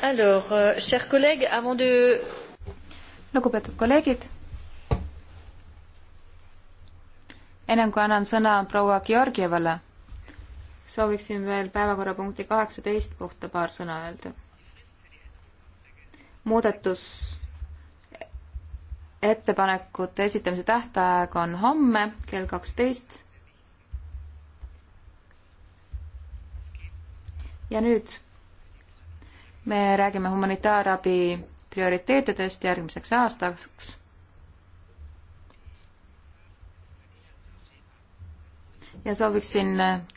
Alors, euh, chers collègues, avant de... lugupeetud kolleegid, ennem kui annan sõna proua Georgievale, sooviksin veel päevakorrapunkti kaheksateist kohta paar sõna öelda. muudatus ettepanekute esitamise tähtaeg on homme kell kaksteist. ja nüüd me räägime humanitaarabi prioriteetidest järgmiseks aastaks. ja sooviksin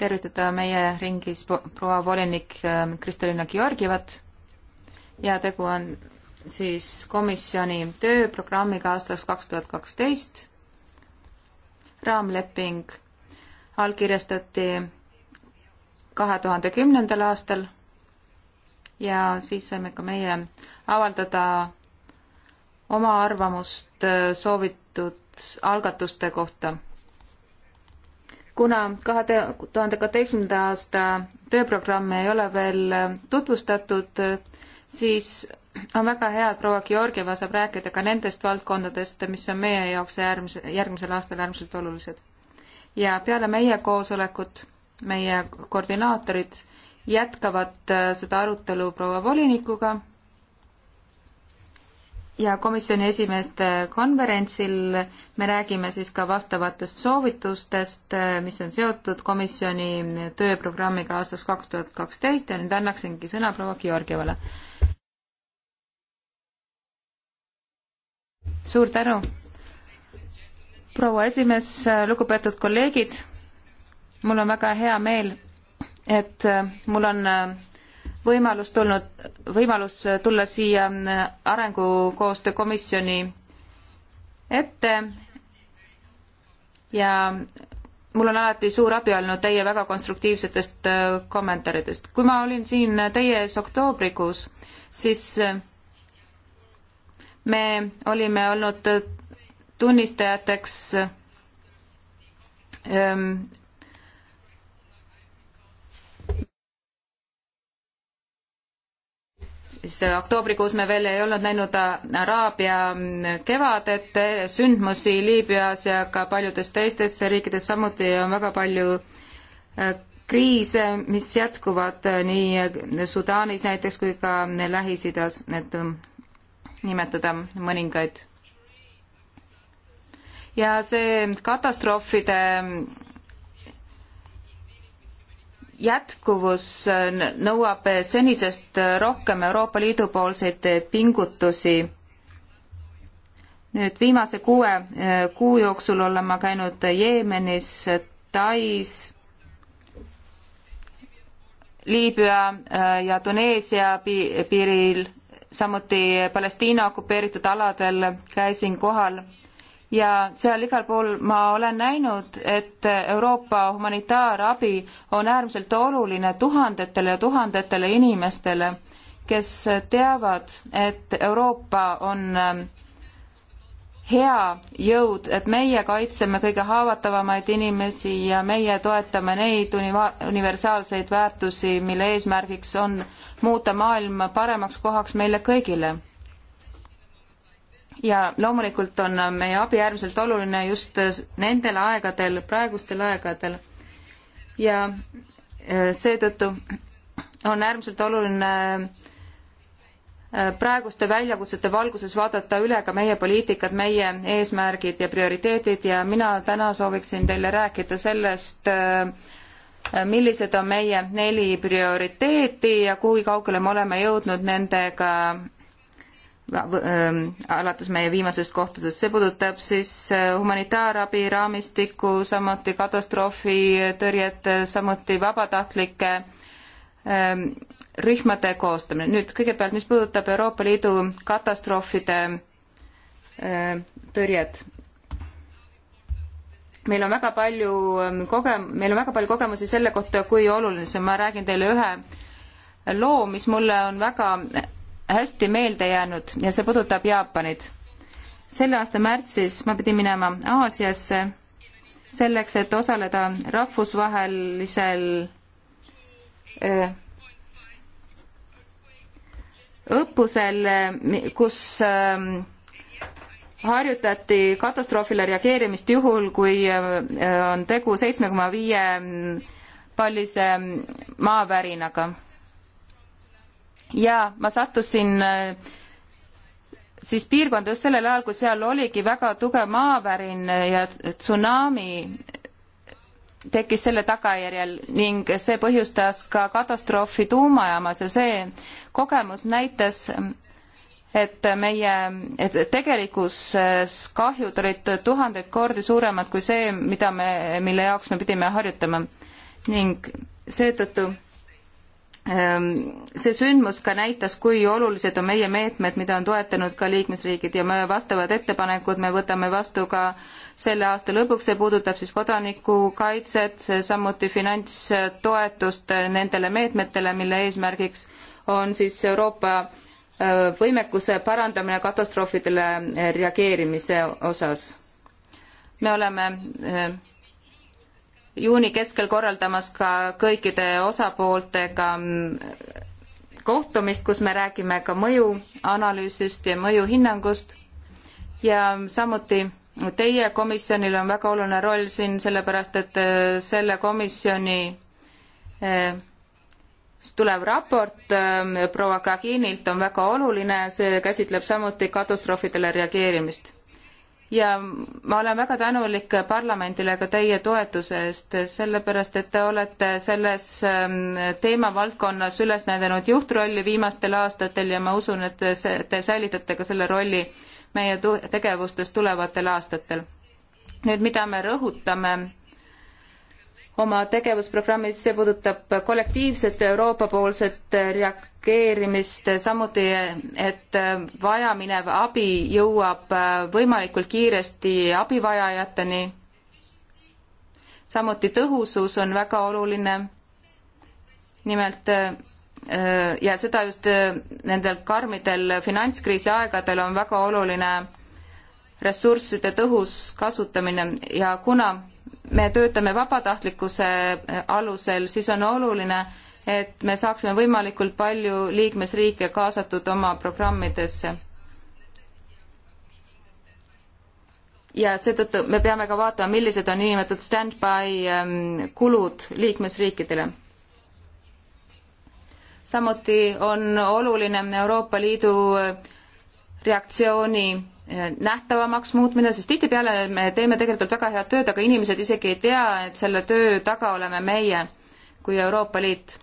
tervitada meie ringis proua volinik ähm, Kristelina Georgievat ja tegu on siis komisjoni tööprogrammiga aastaks kaks tuhat kaksteist. raamleping allkirjastati kahe tuhande kümnendal aastal ja siis saime ka meie avaldada oma arvamust äh, soovitud algatuste kohta. kuna kahe tuhande kaheteistkümnenda aasta tööprogrammi ei ole veel äh, tutvustatud, siis on väga hea, et proua Georgieva saab rääkida ka nendest valdkondadest, mis on meie jaoks järgmise, järgmisel aastal äärmiselt olulised. ja peale meie koosolekut meie koordinaatorid jätkavad äh, seda arutelu proua volinikuga ja komisjoni esimeeste konverentsil me räägime siis ka vastavatest soovitustest, äh, mis on seotud komisjoni tööprogrammiga aastaks kaks tuhat kaksteist ja nüüd annaksingi sõna proua Georgievale. suur tänu, proua esimees, äh, lugupeetud kolleegid, mul on väga hea meel et äh, mul on äh, võimalus tulnud, võimalus äh, tulla siia Arengukoostöö Komisjoni ette ja mul on alati suur abi olnud teie väga konstruktiivsetest kommentaaridest. kui ma olin siin teie ees oktoobrikuus, siis me olime olnud tunnistajateks siis oktoobrikuus me veel ei olnud näinud Araabia kevadet, sündmusi Liibüas ja ka paljudes teistes riikides samuti on väga palju äh, kriise, mis jätkuvad äh, nii Sudaanis näiteks kui ka Lähis-Idas, et äh, nimetada mõningaid. ja see katastroofide jätkuvus nõuab senisest rohkem Euroopa Liidu poolseid pingutusi. nüüd viimase kuue eh, kuu jooksul olen ma käinud Jeemenis, Tais, Liibüa eh, ja Tuneesia piiril, samuti Palestiina okupeeritud aladel käisin kohal ja seal igal pool ma olen näinud, et Euroopa humanitaarabi on äärmiselt oluline tuhandetele ja tuhandetele inimestele, kes teavad, et Euroopa on ähm, hea jõud, et meie kaitseme kõige haavatavamaid inimesi ja meie toetame neid universaalseid väärtusi, mille eesmärgiks on muuta maailm paremaks kohaks meile kõigile ja loomulikult on meie abi äärmiselt oluline just nendel aegadel, praegustel aegadel. ja e, seetõttu on äärmiselt oluline e, praeguste väljakutsete valguses vaadata üle ka meie poliitikad, meie eesmärgid ja prioriteedid ja mina täna sooviksin teile rääkida sellest, e, millised on meie neli prioriteeti ja kui kaugele me oleme jõudnud nendega Ähm, alates meie viimasest kohtusest, see puudutab siis äh, humanitaarabi raamistikku, samuti katastroofitõrjet, äh, samuti vabatahtlike ähm, rühmade koostamine. nüüd kõigepealt, mis puudutab Euroopa Liidu katastroofide äh, tõrjet. meil on väga palju ähm, koge-, meil on väga palju kogemusi selle kohta, kui oluline see on, ma räägin teile ühe loo, mis mulle on väga hästi meelde jäänud ja see puudutab Jaapanit. selle aasta märtsis ma pidin minema Aasiasse selleks, et osaleda rahvusvahelisel öö, äh, õppusel, kus öö, ähm, harjutati katastroofile reageerimist juhul, kui äh, on tegu seitsme koma viie pallise ähm, maavärinaga ja ma sattusin äh, siis piirkonda just sellel ajal, kui seal oligi väga tugev maavärin ja tsunami tekkis selle tagajärjel ning see põhjustas ka katastroofi tuumajaamas ja see kogemus näitas, et meie, et tegelikkuses äh, kahjud olid tuhandeid kordi suuremad kui see, mida me, mille jaoks me pidime harjutama. ning seetõttu Ehm, see sündmus ka näitas, kui olulised on meie meetmed, mida on toetanud ka liikmesriigid ja me vastavad ettepanekud me võtame vastu ka selle aasta lõpuks, see puudutab siis kodanikukaitset, samuti finantstoetust nendele meetmetele, mille eesmärgiks on siis Euroopa äh, võimekuse parandamine katastroofidele äh, reageerimise osas. me oleme äh, juuni keskel korraldamas ka kõikide osapooltega kohtumist, kus me räägime ka mõjuanalüüsist ja mõjuhinnangust ja samuti teie komisjonil on väga oluline roll siin, sellepärast et äh, selle komisjoni äh, tulev raport äh, proua Kaginilt on väga oluline, see käsitleb samuti katastroofidele reageerimist ja ma olen väga tänulik parlamendile ka teie toetuse eest, sellepärast et te olete selles ähm, teemavaldkonnas üles näidanud juhtrolli viimastel aastatel ja ma usun, et te säilitate ka selle rolli meie tegevustes tulevatel aastatel. nüüd, mida me rõhutame oma tegevusprogrammis, see puudutab kollektiivset Euroopa-poolset reak-, reageerimist, samuti et vajaminev abi jõuab võimalikult kiiresti abivajajateni. samuti tõhusus on väga oluline. nimelt äh, ja seda just äh, nendel karmidel finantskriisi aegadel on väga oluline ressursside tõhus kasutamine ja kuna me töötame vabatahtlikkuse äh, alusel, siis on oluline, et me saaksime võimalikult palju liikmesriike kaasatud oma programmidesse. ja seetõttu me peame ka vaatama, millised on niinimetatud stand-by ähm, kulud liikmesriikidele. samuti on oluline Euroopa Liidu äh, reaktsiooni äh, nähtavamaks muutmine, sest tihtipeale me teeme tegelikult väga head tööd, aga inimesed isegi ei tea, et selle töö taga oleme meie kui Euroopa Liit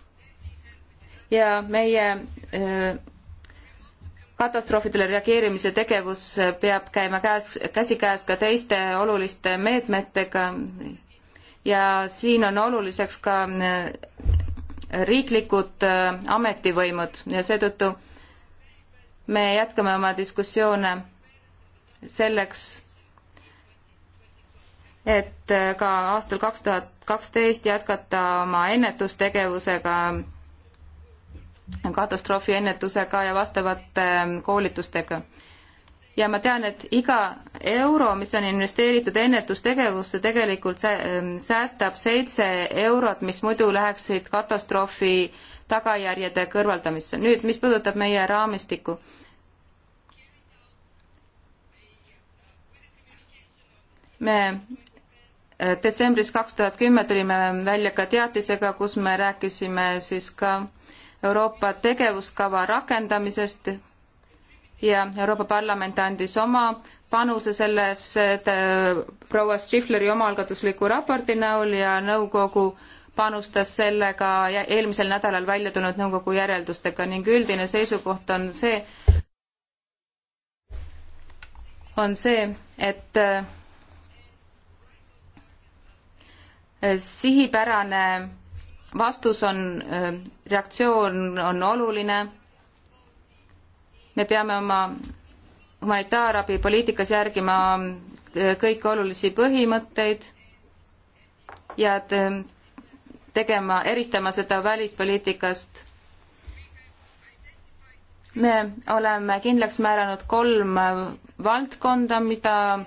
ja meie äh, katastroofidele reageerimise tegevus peab käima käes, käsikäes ka teiste oluliste meetmetega ja siin on oluliseks ka äh, riiklikud äh, ametivõimud ja seetõttu me jätkame oma diskussioone selleks, et ka aastal kaks tuhat kaksteist jätkata oma ennetustegevusega katastroofiennetusega ja vastavate ähm, koolitustega. ja ma tean, et iga euro, mis on investeeritud ennetustegevusse, tegelikult ähm, säästab seitse eurot, mis muidu läheksid katastroofi tagajärjede kõrvaldamisse. nüüd, mis puudutab meie raamistikku me äh, detsembris kaks tuhat kümme tulime välja ka teatisega, kus me rääkisime siis ka Euroopa tegevuskava rakendamisest ja Euroopa Parlament andis oma panuse sellesse äh, proua Strifleri omaalgatusliku raporti näol ja nõukogu panustas sellega eelmisel nädalal välja tulnud nõukogu järeldustega ning üldine seisukoht on see, on see, et äh, sihipärane vastus on, äh, reaktsioon on oluline. me peame oma humanitaarabipoliitikas järgima äh, kõiki olulisi põhimõtteid ja äh, tegema, eristama seda välispoliitikast. me oleme kindlaks määranud kolm valdkonda, mida,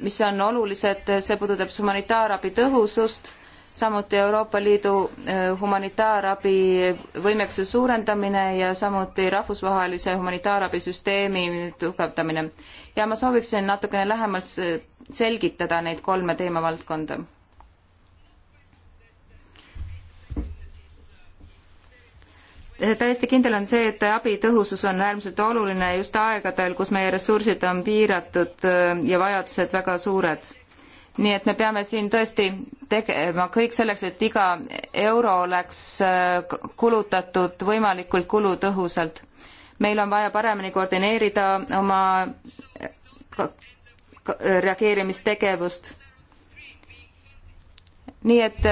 mis on olulised, see puudutab humanitaarabi tõhusust samuti Euroopa Liidu eh, humanitaarabi võimekuse suurendamine ja samuti rahvusvahelise humanitaarabisüsteemi tugevdamine. ja ma sooviksin natukene lähemalt selgitada neid kolme teemavaldkonda. Eh, täiesti kindel on see, et abi tõhusus on äärmiselt oluline just aegadel, kus meie ressursid on piiratud eh, ja vajadused väga suured nii et me peame siin tõesti tegema kõik selleks, et iga euro oleks äh, kulutatud võimalikult kulutõhusalt. meil on vaja paremini koordineerida oma reageerimistegevust. nii et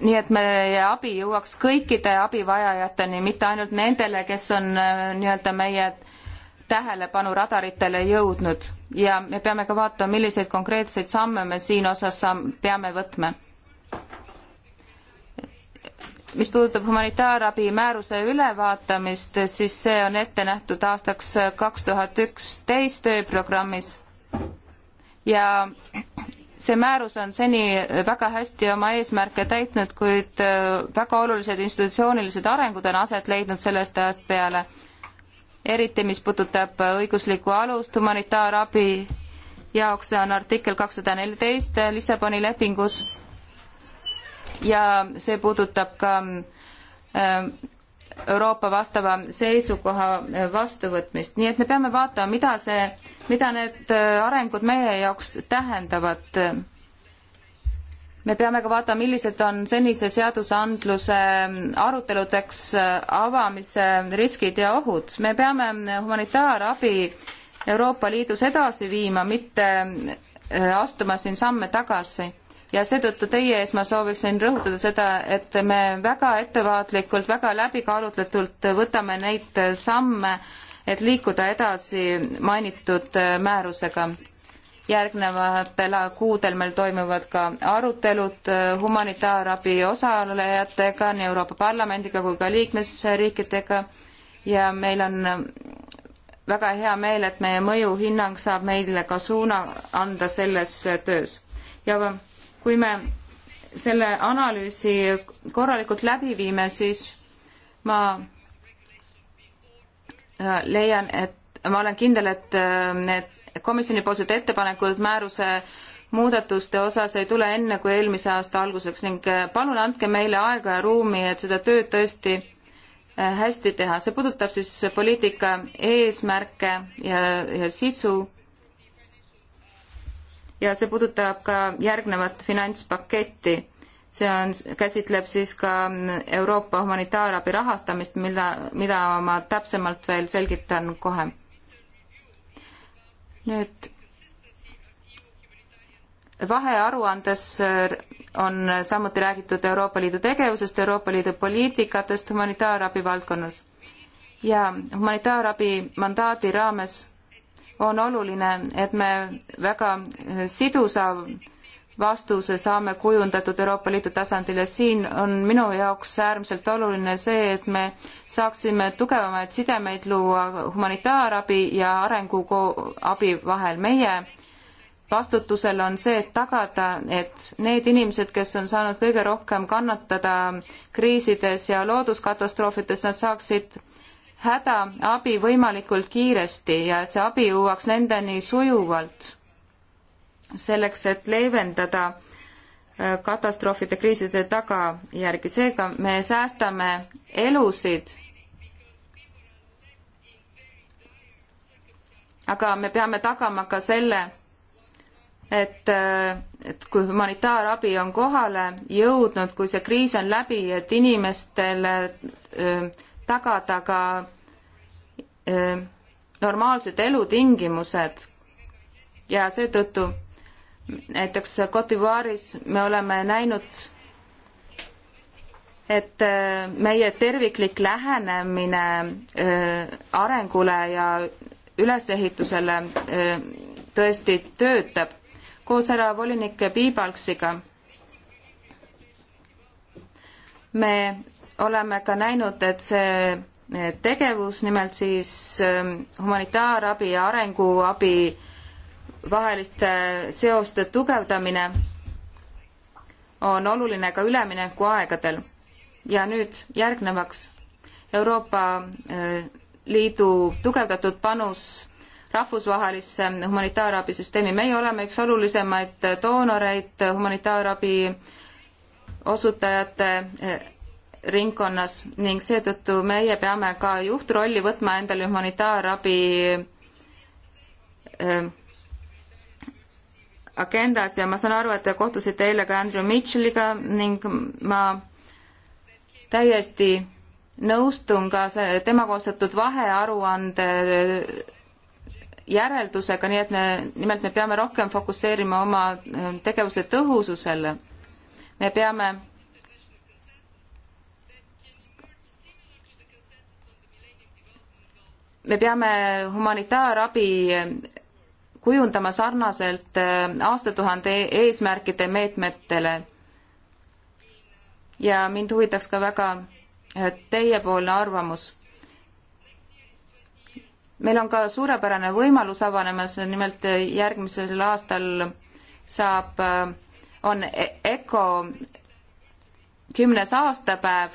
nii et meie abi jõuaks kõikide abivajajateni, mitte ainult nendele, kes on äh, nii-öelda meie äh, tähelepanu radaritele jõudnud ja me peame ka vaatama, milliseid konkreetseid samme me siin osas saam-, peame võtma. mis puudutab humanitaarabi määruse ülevaatamist, siis see on ette nähtud aastaks kaks tuhat üksteist tööprogrammis ja see määrus on seni väga hästi oma eesmärke täitnud, kuid äh, väga olulised institutsioonilised arengud on aset leidnud sellest ajast peale eriti mis puudutab õiguslikku alust humanitaarabi jaoks, see on artikkel kakssada neliteist Lissaboni lepingus ja see puudutab ka ähm, Euroopa vastava seisukoha äh, vastuvõtmist, nii et me peame vaatama, mida see, mida need äh, arengud meie jaoks tähendavad me peame ka vaatama, millised on senise seadusandluse aruteludeks äh, avamise riskid ja ohud. me peame äh, humanitaarabi Euroopa Liidus edasi viima, mitte äh, astuma siin samme tagasi. ja seetõttu teie ees ma sooviksin rõhutada seda, et me väga ettevaatlikult, väga läbikaalutletult võtame neid samme, et liikuda edasi mainitud määrusega järgnevatel kuudel meil toimuvad ka arutelud äh, humanitaarabi osalejatega, nii Euroopa Parlamendiga kui ka liikmesriikidega ja meil on äh, väga hea meel, et meie mõjuhinnang saab meile ka suuna anda selles äh, töös. ja kui me selle analüüsi korralikult läbi viime, siis ma leian, et ma olen kindel, et need komisjonipoolsed ettepanekud määruse muudatuste osas ei tule enne kui eelmise aasta alguseks ning äh, palun andke meile aega ja ruumi, et seda tööd tõesti äh, hästi teha. see puudutab siis poliitika eesmärke ja, ja sisu. ja see puudutab ka järgnevat finantspaketti see on, käsitleb siis ka Euroopa humanitaarabi rahastamist, mille, mida ma täpsemalt veel selgitan kohe nüüd vahearuandes äh, on samuti räägitud Euroopa Liidu tegevusest, Euroopa Liidu poliitikatest humanitaarabi valdkonnas ja humanitaarabi mandaadi raames on oluline, et me väga äh, sidusa vastuse saame kujundatud Euroopa Liidu tasandil ja siin on minu jaoks äärmiselt oluline see, et me saaksime tugevamaid sidemeid luua humanitaarabi ja arenguabi vahel. meie vastutusel on see, et tagada, et need inimesed, kes on saanud kõige rohkem kannatada kriisides ja looduskatastroofides, nad saaksid hädaabi võimalikult kiiresti ja et see abi jõuaks nendeni sujuvalt selleks, et leevendada äh, katastroofide, kriiside tagajärgi, seega me säästame elusid. aga me peame tagama ka selle, et, äh, et kui humanitaarabi on kohale jõudnud, kui see kriis on läbi, et inimestele äh, tagada ka normaalsed elutingimused ja seetõttu näiteks Cote d'Ivoire'is me oleme näinud, et äh, meie terviklik lähenemine äh, arengule ja ülesehitusele äh, tõesti töötab koos härra volinik Piibalksiga. me oleme ka näinud, et see tegevus, nimelt siis humanitaarabi ja arenguabi vaheliste seoste tugevdamine on oluline ka üleminekuaegadel. ja nüüd järgnevaks Euroopa eh, Liidu tugevdatud panus rahvusvahelisse humanitaarabisüsteemi. meie oleme üks olulisemaid doonoreid humanitaarabi osutajate eh, ringkonnas ning seetõttu meie peame ka juhtrolli võtma endale humanitaarabi eh, agendas ja ma saan aru, et te kohtusite eile ka Andrew Mitchelliga ning ma täiesti nõustun ka see tema koostatud vahearuande järeldusega, nii et me, nimelt me peame rohkem fokusseerima oma ähm, tegevuse tõhususele. me peame me peame humanitaarabi kujundama sarnaselt äh, aastatuhande eesmärkide meetmetele. ja mind huvitaks ka väga äh, teiepoolne arvamus. meil on ka suurepärane võimalus avanemas, nimelt äh, järgmisel aastal saab, on e-, ECO kümnes aastapäev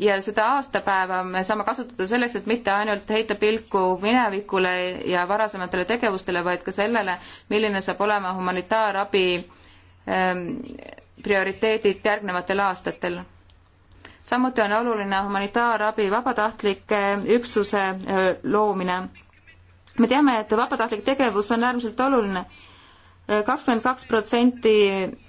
ja seda aastapäeva me saame kasutada selleks, et mitte ainult heita pilku minevikule ja varasematele tegevustele, vaid ka sellele, milline saab olema humanitaarabi ähm, prioriteedid järgnevatel aastatel. samuti on oluline humanitaarabi vabatahtlike üksuse äh, loomine. me teame, et vabatahtlik tegevus on äärmiselt oluline kakskümmend kaks protsenti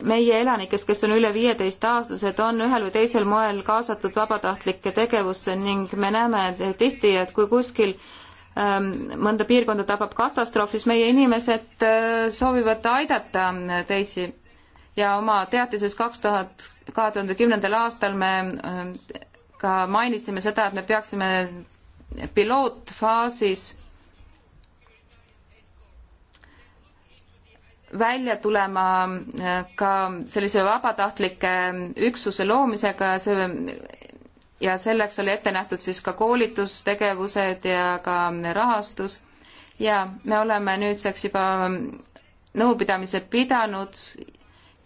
meie elanikest, kes on üle viieteistaastased, on ühel või teisel moel kaasatud vabatahtlike tegevusse ning me näeme tihti, et kui kuskil ähm, mõnda piirkonda tabab katastroof, siis meie inimesed äh, soovivad aidata teisi ja oma teatises kaks tuhat, kahe tuhande kümnendal aastal me ähm, ka mainisime seda, et me peaksime pilootfaasis välja tulema äh, ka sellise vabatahtlike üksuse loomisega, see ja selleks oli ette nähtud siis ka koolitustegevused ja ka rahastus ja me oleme nüüdseks juba nõupidamise pidanud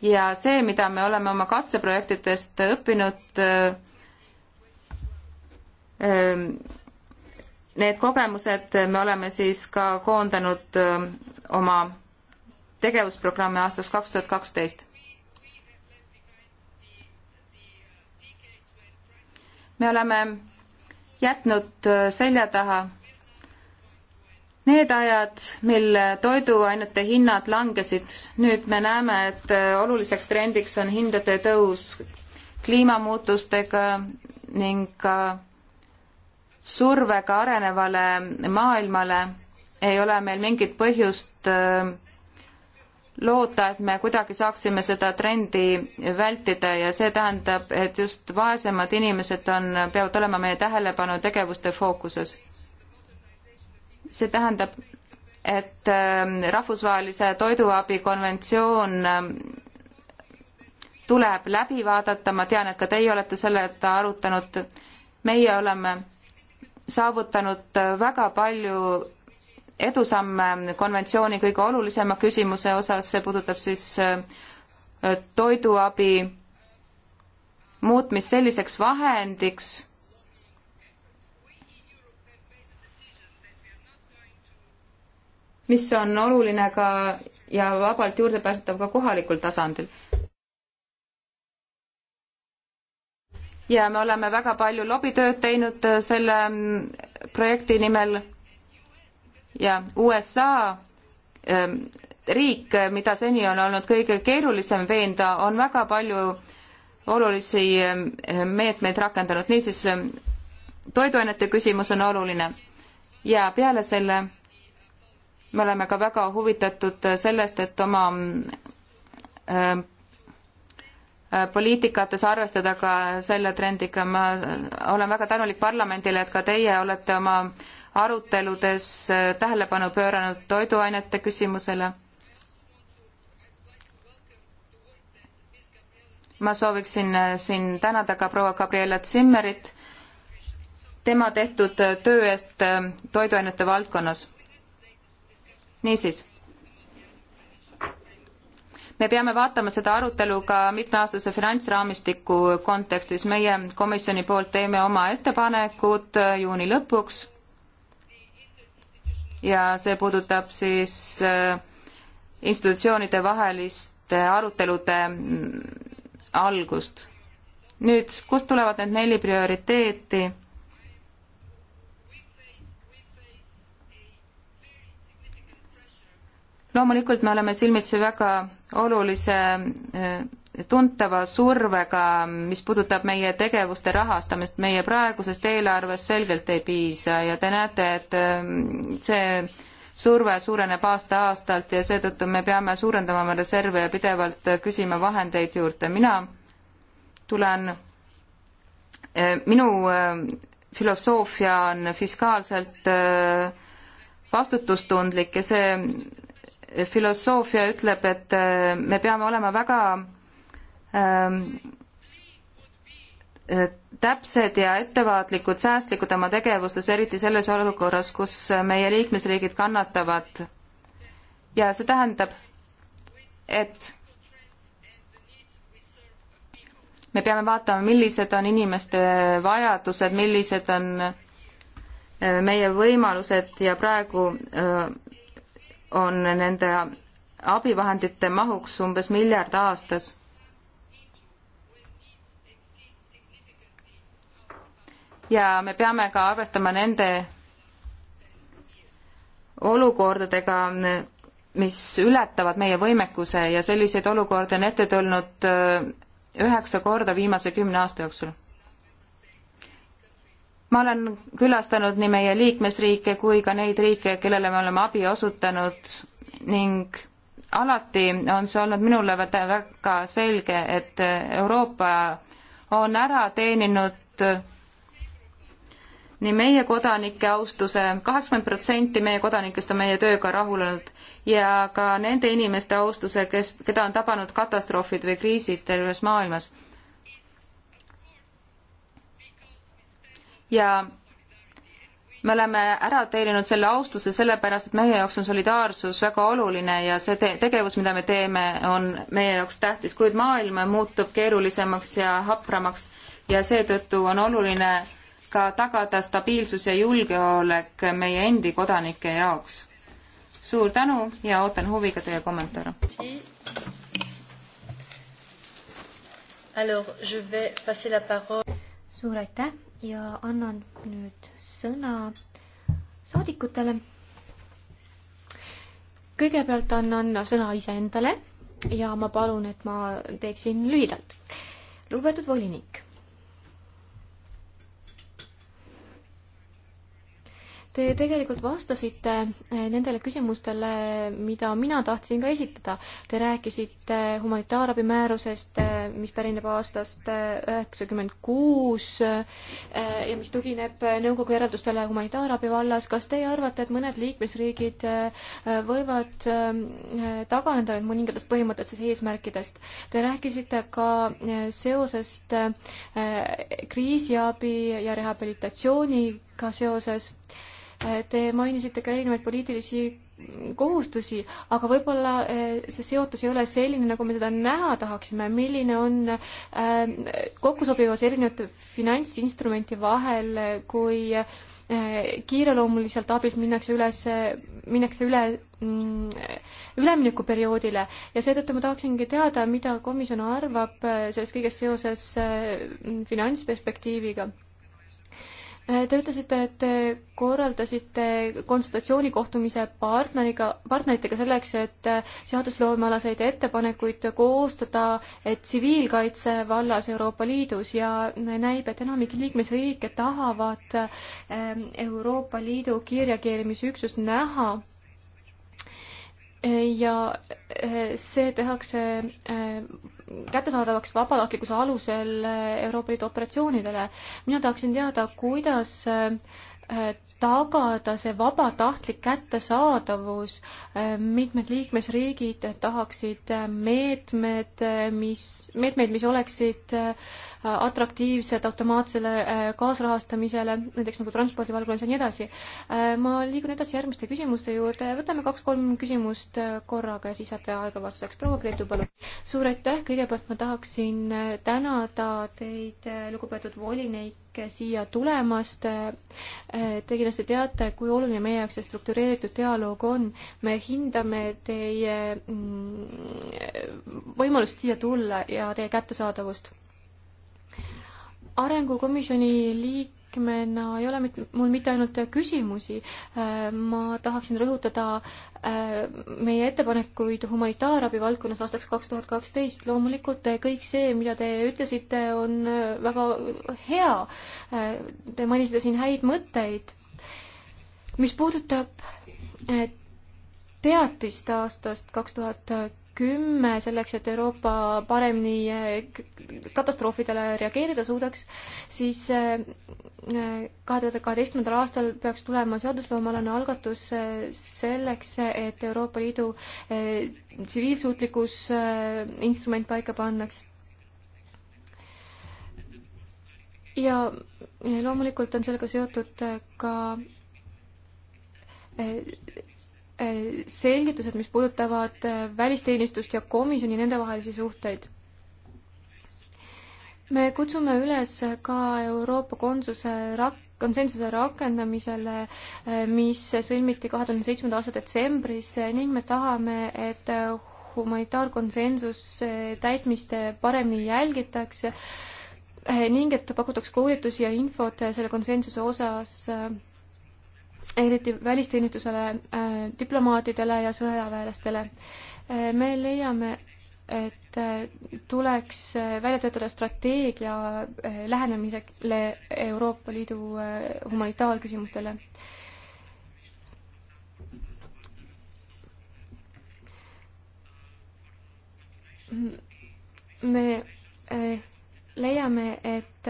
ja see, mida me oleme oma katseprojektidest õppinud, ähm, need kogemused me oleme siis ka koondanud äh, oma tegevusprogramme aastast kaks tuhat kaksteist. me oleme jätnud selja taha need ajad, mil toiduainete hinnad langesid. nüüd me näeme, et oluliseks trendiks on hindade tõus kliimamuutustega ning ka survega arenevale maailmale ei ole meil mingit põhjust äh, loota, et me kuidagi saaksime seda trendi vältida ja see tähendab, et just vaesemad inimesed on, peavad olema meie tähelepanu tegevuste fookuses. see tähendab, et ähm, rahvusvahelise toiduabi konventsioon ähm, tuleb läbi vaadata, ma tean, et ka teie olete selle arutanud, meie oleme saavutanud äh, väga palju edusamme ähm, konventsiooni kõige olulisema küsimuse osas, see puudutab siis äh, toiduabi muutmist selliseks vahendiks, mis on oluline ka ja vabalt juurdepääsetav ka kohalikul tasandil. ja me oleme väga palju lobitööd teinud äh, selle mm, projekti nimel ja USA ähm, riik, mida seni on olnud kõige keerulisem veenda, on väga palju olulisi ähm, meetmeid rakendanud, niisiis ähm, toiduainete küsimus on oluline. ja peale selle me oleme ka väga huvitatud sellest, et oma äh, poliitikates arvestada ka selle trendiga, ma olen väga tänulik parlamendile, et ka teie olete oma äh, aruteludes äh, tähelepanu pööranud toiduainete küsimusele. ma sooviksin äh, siin tänada ka proua Gabriela Zimmerit tema tehtud töö eest äh, toiduainete valdkonnas. niisiis, me peame vaatama seda arutelu ka mitmeaastase finantsraamistiku kontekstis. meie komisjoni poolt teeme oma ettepanekud juuni lõpuks ja see puudutab siis äh, institutsioonide vaheliste arutelude mm, algust. nüüd, kust tulevad need neli prioriteeti? loomulikult me oleme silmitsi väga olulise äh, tuntava survega, mis puudutab meie tegevuste rahastamist, meie praegusest eelarvest selgelt ei piisa ja te näete, et ähm, see surve suureneb aasta-aastalt ja seetõttu me peame suurendama oma reserve ja pidevalt küsima vahendeid juurde. mina tulen, äh, minu äh, filosoofia on fiskaalselt äh, vastutustundlik ja see filosoofia ütleb, et me peame olema väga Ähm, äh, täpsed ja ettevaatlikud, säästlikud oma tegevustes, eriti selles olukorras, kus meie liikmesriigid kannatavad. ja see tähendab, et me peame vaatama, millised on inimeste vajadused, millised on äh, meie võimalused ja praegu äh, on nende abivahendite mahuks umbes miljard aastas ja me peame ka arvestama nende olukordadega, mis ületavad meie võimekuse ja selliseid olukordi on ette tulnud äh, üheksa korda viimase kümne aasta jooksul. ma olen külastanud nii meie liikmesriike kui ka neid riike, kellele me oleme abi osutanud ning alati on see olnud minule väga selge, et Euroopa on ära teeninud nii meie kodanike austuse, kaheksakümmend protsenti meie kodanikest on meie tööga rahul olnud ja ka nende inimeste austuse, kes, keda on tabanud katastroofid või kriisid terves maailmas. ja me oleme ära teeninud selle austuse sellepärast, et meie jaoks on solidaarsus väga oluline ja see te tegevus, mida me teeme, on meie jaoks tähtis, kuid maailm muutub keerulisemaks ja hapramaks ja seetõttu on oluline ka tagada stabiilsus ja julgeolek meie endi kodanike jaoks. suur tänu ja ootan huviga teie kommentaare. suur aitäh ja annan nüüd sõna saadikutele. kõigepealt annan sõna iseendale ja ma palun, et ma teeksin lühidalt. lugupeetud volinik Te tegelikult vastasite eh, nendele küsimustele, mida mina tahtsin ka esitada. Te rääkisite humanitaarabi määrusest, eh, mis pärineb aastast eh, üheksakümmend kuus ja mis tugineb nõukogu järeldustele humanitaarabi vallas. kas teie arvate, et mõned liikmesriigid võivad taganeda nüüd mõningatest põhimõtetest eesmärkidest? Te rääkisite ka seosest kriisiabi ja rehabilitatsiooniga seoses Te mainisite ka erinevaid poliitilisi kohustusi, aga võib-olla eh, see seotus ei ole selline, nagu me seda näha tahaksime, milline on eh, kokkusobivus erinevate finantsinstrumenti vahel, kui eh, kiireloomuliselt abilt minnakse üles, minnakse üle mm, üleminekuperioodile ja seetõttu ma tahaksingi teada, mida komisjon arvab sellest kõigest seoses finantsperspektiiviga Äh, te ütlesite, et te korraldasite konsultatsioonikohtumise partneriga, partneritega selleks, et äh, seadusloomealaseid ettepanekuid koostada et tsiviilkaitse vallas Euroopa Liidus ja näib, et enamik liikmesriike tahavad äh, Euroopa Liidu kiirreageerimisüksust näha ja eh, see tehakse eh, kättesaadavaks vabatahtlikkuse alusel eh, Euroopa Liidu operatsioonidele. mina tahaksin teada, kuidas tagada see vabatahtlik kättesaadavus, mitmed liikmesriigid tahaksid meetmed, mis, meetmeid, mis oleksid äh, atraktiivsed automaatsele äh, kaasrahastamisele, näiteks nagu transpordivaldkonnas ja nii edasi. Äh, ma liigun edasi järgmiste küsimuste juurde, võtame kaks-kolm küsimust äh, korraga ja siis saate aega vastuseks. proua Gretu, palun. suur aitäh, kõigepealt ma tahaksin tänada teid, lugupeetud volinik, siia tulemast. Te kindlasti teate, kui oluline meie jaoks see struktureeritud dialoog on. me hindame teie mm, võimalust siia tulla ja teie kättesaadavust arengukomisjoni liikmena ei ole mit, mul mitte ainult küsimusi, ma tahaksin rõhutada meie ettepanekuid humanitaarabi valdkonnas aastaks kaks tuhat kaksteist. loomulikult kõik see, mida te ütlesite, on väga hea. Te mainisite siin häid mõtteid. mis puudutab eh, teatist aastast kaks tuhat kümme selleks, et Euroopa paremini eh, katastroofidele reageerida suudaks, siis kahe eh, tuhande kaheteistkümnendal aastal peaks tulema seadusloomealane algatus eh, selleks, et Euroopa Liidu tsiviilsuutlikkus instrument paika pannaks. ja loomulikult on sellega seotud ka selgitused, mis puudutavad äh, välisteenistust ja komisjoni nendevahelisi suhteid. me kutsume üles ka Euroopa konsuse rak-, konsensuse rakendamisele, äh, mis sõlmiti kahe tuhande seitsmenda aasta detsembris äh, ning me tahame, et humanitaarkonsensus täitmist paremini jälgitakse ning et pakutaks koolitusi ja infot selle konsensuse osas eriti välisteenistusele, äh, diplomaatidele ja sõjaväelastele. Äh, me leiame, et äh, tuleks välja töötada strateegia lähenemisele Euroopa Liidu humanitaarküsimustele. me leiame, et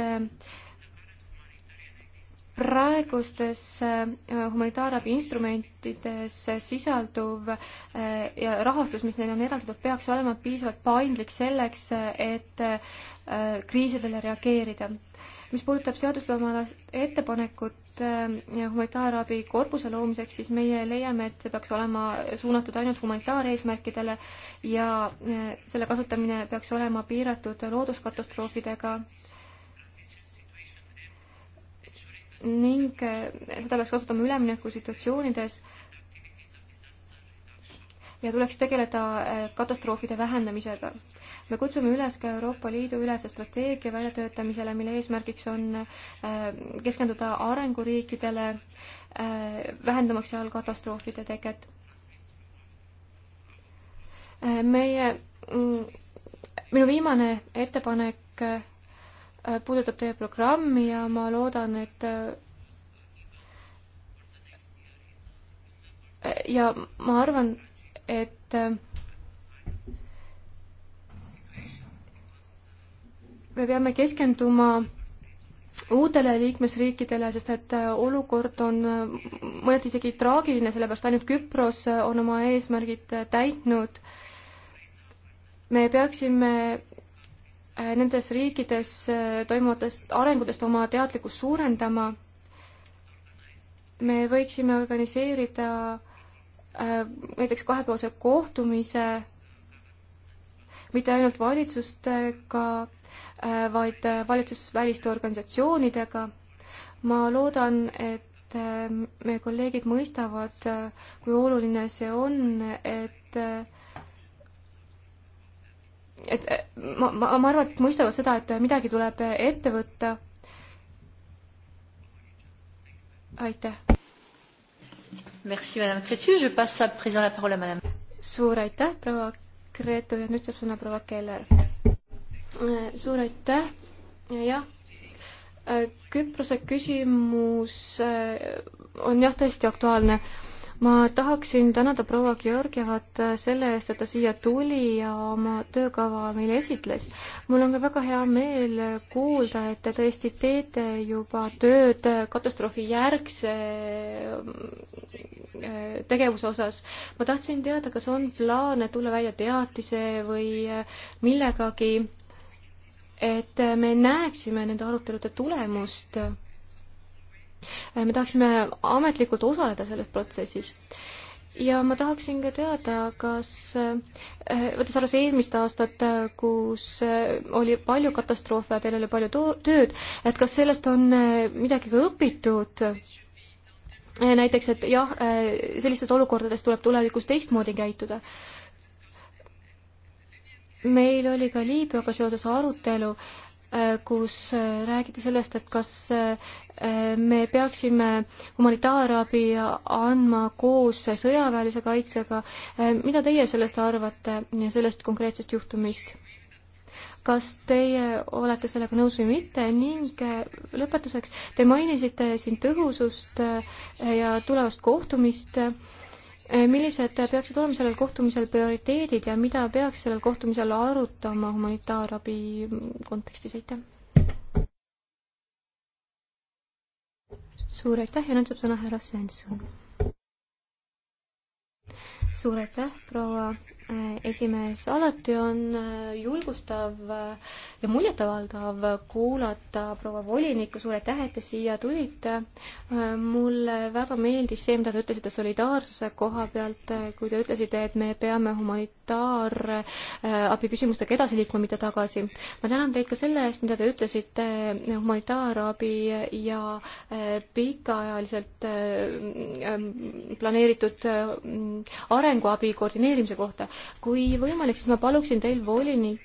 praegustes äh, humanitaarabi instrumentides sisalduv äh, ja rahastus, mis neile on eraldatud, peaks olema piisavalt paindlik selleks, et äh, kriisidele reageerida. mis puudutab seadusloomealast ettepanekut humanitaarabi korpuse loomiseks, siis meie leiame, et see peaks olema suunatud ainult humanitaareesmärkidele ja selle kasutamine peaks olema piiratud looduskatastroofidega ning äh, seda peaks kasutama üleminekusituatsioonides ja tuleks tegeleda äh, katastroofide vähendamisega. me kutsume üles ka Euroopa Liidu ülese strateegia väljatöötamisele, mille eesmärgiks on äh, keskenduda arenguriikidele, vähendamaks seal katastroofide teket. meie, mm, minu viimane ettepanek Äh, puudutab teie programmi ja ma loodan, et äh, ja ma arvan, et äh, me peame keskenduma uutele liikmesriikidele, sest et olukord on mõneti isegi traagiline, sellepärast ainult Küpros on oma eesmärgid täitnud. me peaksime Äh, nendes riikides äh, toimuvatest arengutest oma teadlikkust suurendama. me võiksime organiseerida äh, näiteks kahepoolse kohtumise mitte ainult valitsustega, vaid valitsusväliste organisatsioonidega. ma loodan, et meie kolleegid mõistavad, kui oluline see on, et et ma, ma, ma arvan, et mõistavad seda, et midagi tuleb ette võtta. aitäh. Merci, madame Cretu, je passe à présent la parole à madame. suur aitäh, proua Cretu ja nüüd saab sõna proua Keller. suur aitäh, jah Küprose küsimus äh, on jah, tõesti aktuaalne ma tahaksin tänada proua Georgievat selle eest, et ta siia tuli ja oma töökava meile esitles. mul on ka väga hea meel kuulda, et te tõesti teete juba tööd katastroofijärgse äh, tegevuse osas. ma tahtsin teada, kas on plaane tulla välja teatise või äh, millegagi, et me näeksime nende arutelude tulemust me tahaksime ametlikult osaleda selles protsessis ja ma tahaksin ka teada, kas, eh, võttes arvesse eelmist aastat, kus eh, oli palju katastroofe ja teil oli palju tööd, et kas sellest on eh, midagi ka õpitud? näiteks, et jah, sellistes olukordades tuleb tulevikus teistmoodi käituda. meil oli ka Liibüaga seoses arutelu Äh, kus äh, räägiti sellest, et kas äh, me peaksime humanitaarabi andma koos sõjaväelise kaitsega. mida teie sellest arvate, sellest konkreetsest juhtumist? kas teie olete sellega nõus või mitte ning lõpetuseks, te mainisite siin tõhusust ja tulevast kohtumist Eh, millised peaksid olema sellel kohtumisel prioriteedid ja mida peaks sellel kohtumisel arutama humanitaarabi kontekstis, aitäh! suur aitäh ja nüüd saab sõna härra Svensson suur aitäh, proua äh, esimees, alati on äh, julgustav äh, ja muljetavaldav kuulata proua volinikku, suur aitäh, et te siia tulite. mulle väga meeldis see, mida te ütlesite solidaarsuse koha pealt, kui te ütlesite, et me peame humanitaarabi küsimustega edasi liikuma, mitte tagasi. ma tänan teid ka selle eest, mida te ütlesite humanitaarabi ja pikaajaliselt planeeritud areng arenguabi koordineerimise kohta. kui võimalik, siis ma paluksin teil, volinik,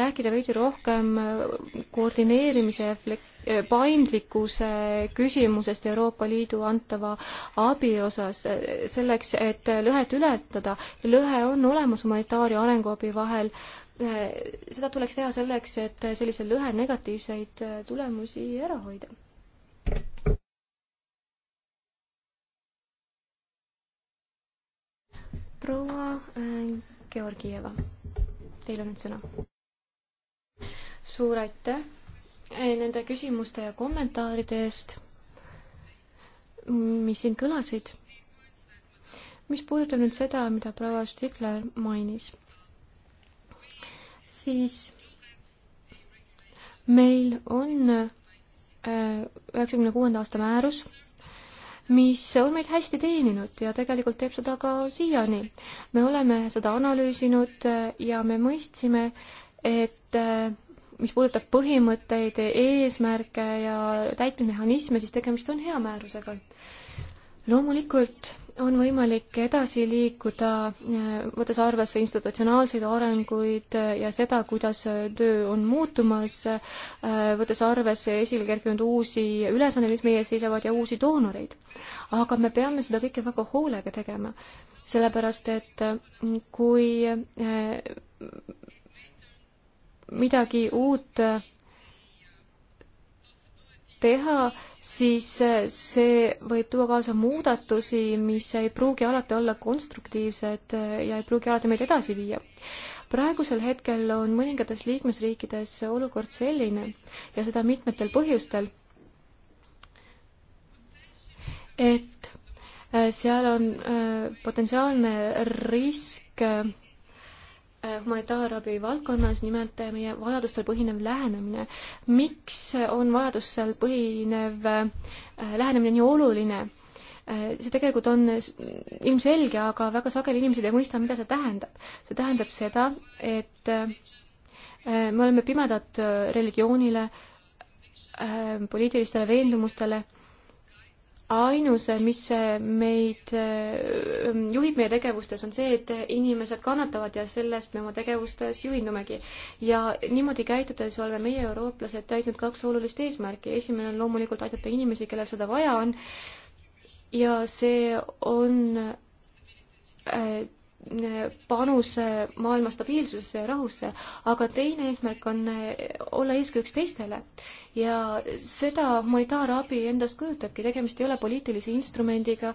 rääkida veidi rohkem äh, koordineerimise flek-, äh, paindlikkuse küsimusest Euroopa Liidu antava abi osas äh, selleks, et lõhet ületada. lõhe on olemas humanitaar- ja arenguabi vahel. seda tuleks teha selleks, et sellise lõhe negatiivseid tulemusi ära hoida proua äh, Georgieva, teil on nüüd sõna. suur aitäh äh, nende küsimuste ja kommentaaride eest, mm, mis siin kõlasid. mis puudutab nüüd seda, mida proua Stigler mainis, siis meil on äh, üheksakümne kuuenda aasta määrus mis on meid hästi teeninud ja tegelikult teeb seda ka siiani. me oleme seda analüüsinud ja me mõistsime, et eh, mis puudutab põhimõtteid, eesmärke ja täitmismehhanisme, siis tegemist on hea määrusega. loomulikult on võimalik edasi liikuda, äh, võttes arvesse institutsionaalseid arenguid äh, ja seda, kuidas äh, töö on muutumas, võttes arvesse esile kerkinud uusi ülesandeid, mis meie ees seisavad, ja uusi doonoreid. aga me peame seda kõike väga hoolega tegema, sellepärast et kui midagi uut teha, siis eh, see võib tuua kaasa muudatusi, mis ei pruugi alati olla konstruktiivsed eh, ja ei pruugi alati meid edasi viia. praegusel hetkel on mõningates liikmesriikides olukord selline ja seda mitmetel põhjustel, et eh, seal on potentsiaalne risk Äh, humanitaarabi valdkonnas, nimelt äh, meie vajadustel põhinev lähenemine. miks on vajadusel põhinev äh, lähenemine nii oluline? see tegelikult on ilmselge, aga väga sageli inimesed ei mõista, mida see tähendab. see tähendab seda, et me oleme pimedad religioonile, poliitilistele veendumustele ainus, mis meid, äh, juhib meie tegevustes, on see, et inimesed kannatavad ja sellest me oma tegevustes juhindumegi. ja niimoodi käitudes oleme meie, eurooplased, täitnud kaks olulist eesmärki. esimene on loomulikult aidata inimesi, kellel seda vaja on ja see on äh, panus maailma stabiilsusesse ja rahusse, aga teine eesmärk on olla eeskujuks teistele. ja seda humanitaarabi endast kujutabki, tegemist ei ole poliitilise instrumendiga,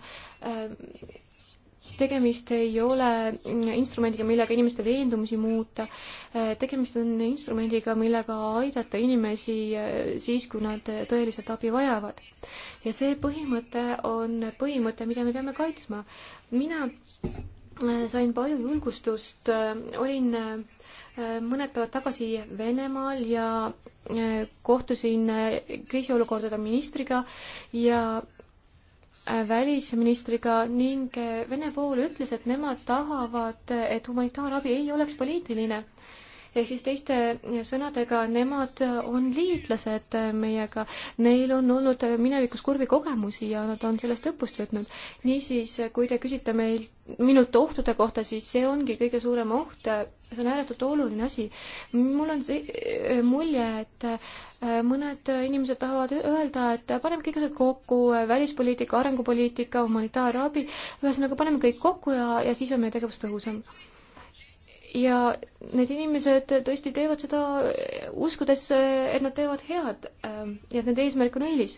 tegemist ei ole instrumendiga, millega inimeste veendumusi muuta, tegemist on instrumendiga, millega aidata inimesi siis, kui nad tõeliselt abi vajavad. ja see põhimõte on põhimõte, mida me peame kaitsma. mina sain palju julgustust, olin äh, mõned päevad tagasi Venemaal ja äh, kohtusin äh, kriisiolukordade ministriga ja välisministriga ning Vene pool ütles, et nemad tahavad, et humanitaarabi ei oleks poliitiline ehk siis teiste sõnadega, nemad on liitlased meiega, neil on olnud minevikus kurbi kogemusi ja nad on sellest õppust võtnud. niisiis, kui te küsite meil, minult ohtude kohta, siis see ongi kõige suurem oht, see on ääretult oluline asi. mul on see äh, mulje, et äh, mõned inimesed tahavad öelda, et paneme kõik asjad kokku, välispoliitika, arengupoliitika, humanitaarabi, ühesõnaga paneme kõik kokku ja, ja siis on meie tegevus tõhusam ja need inimesed tõesti teevad seda uskudes, et nad teevad head ähm, ja et nende eesmärk on õilis.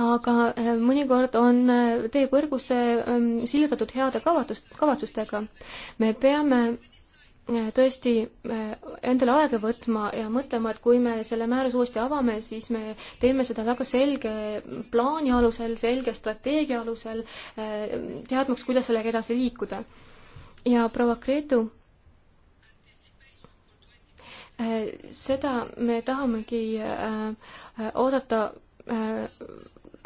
aga ähm, mõnikord on äh, tee põrgusse ähm, sillutatud heade kavatsust, kavatsustega. me peame Äh, tõesti äh, endale aega võtma ja mõtlema, et kui me selle määruse uuesti avame, siis me teeme seda väga selge plaani alusel, selge strateegia alusel, äh, teadmaks, kuidas sellega edasi liikuda. ja proua Gretu, seda me tahamegi oodata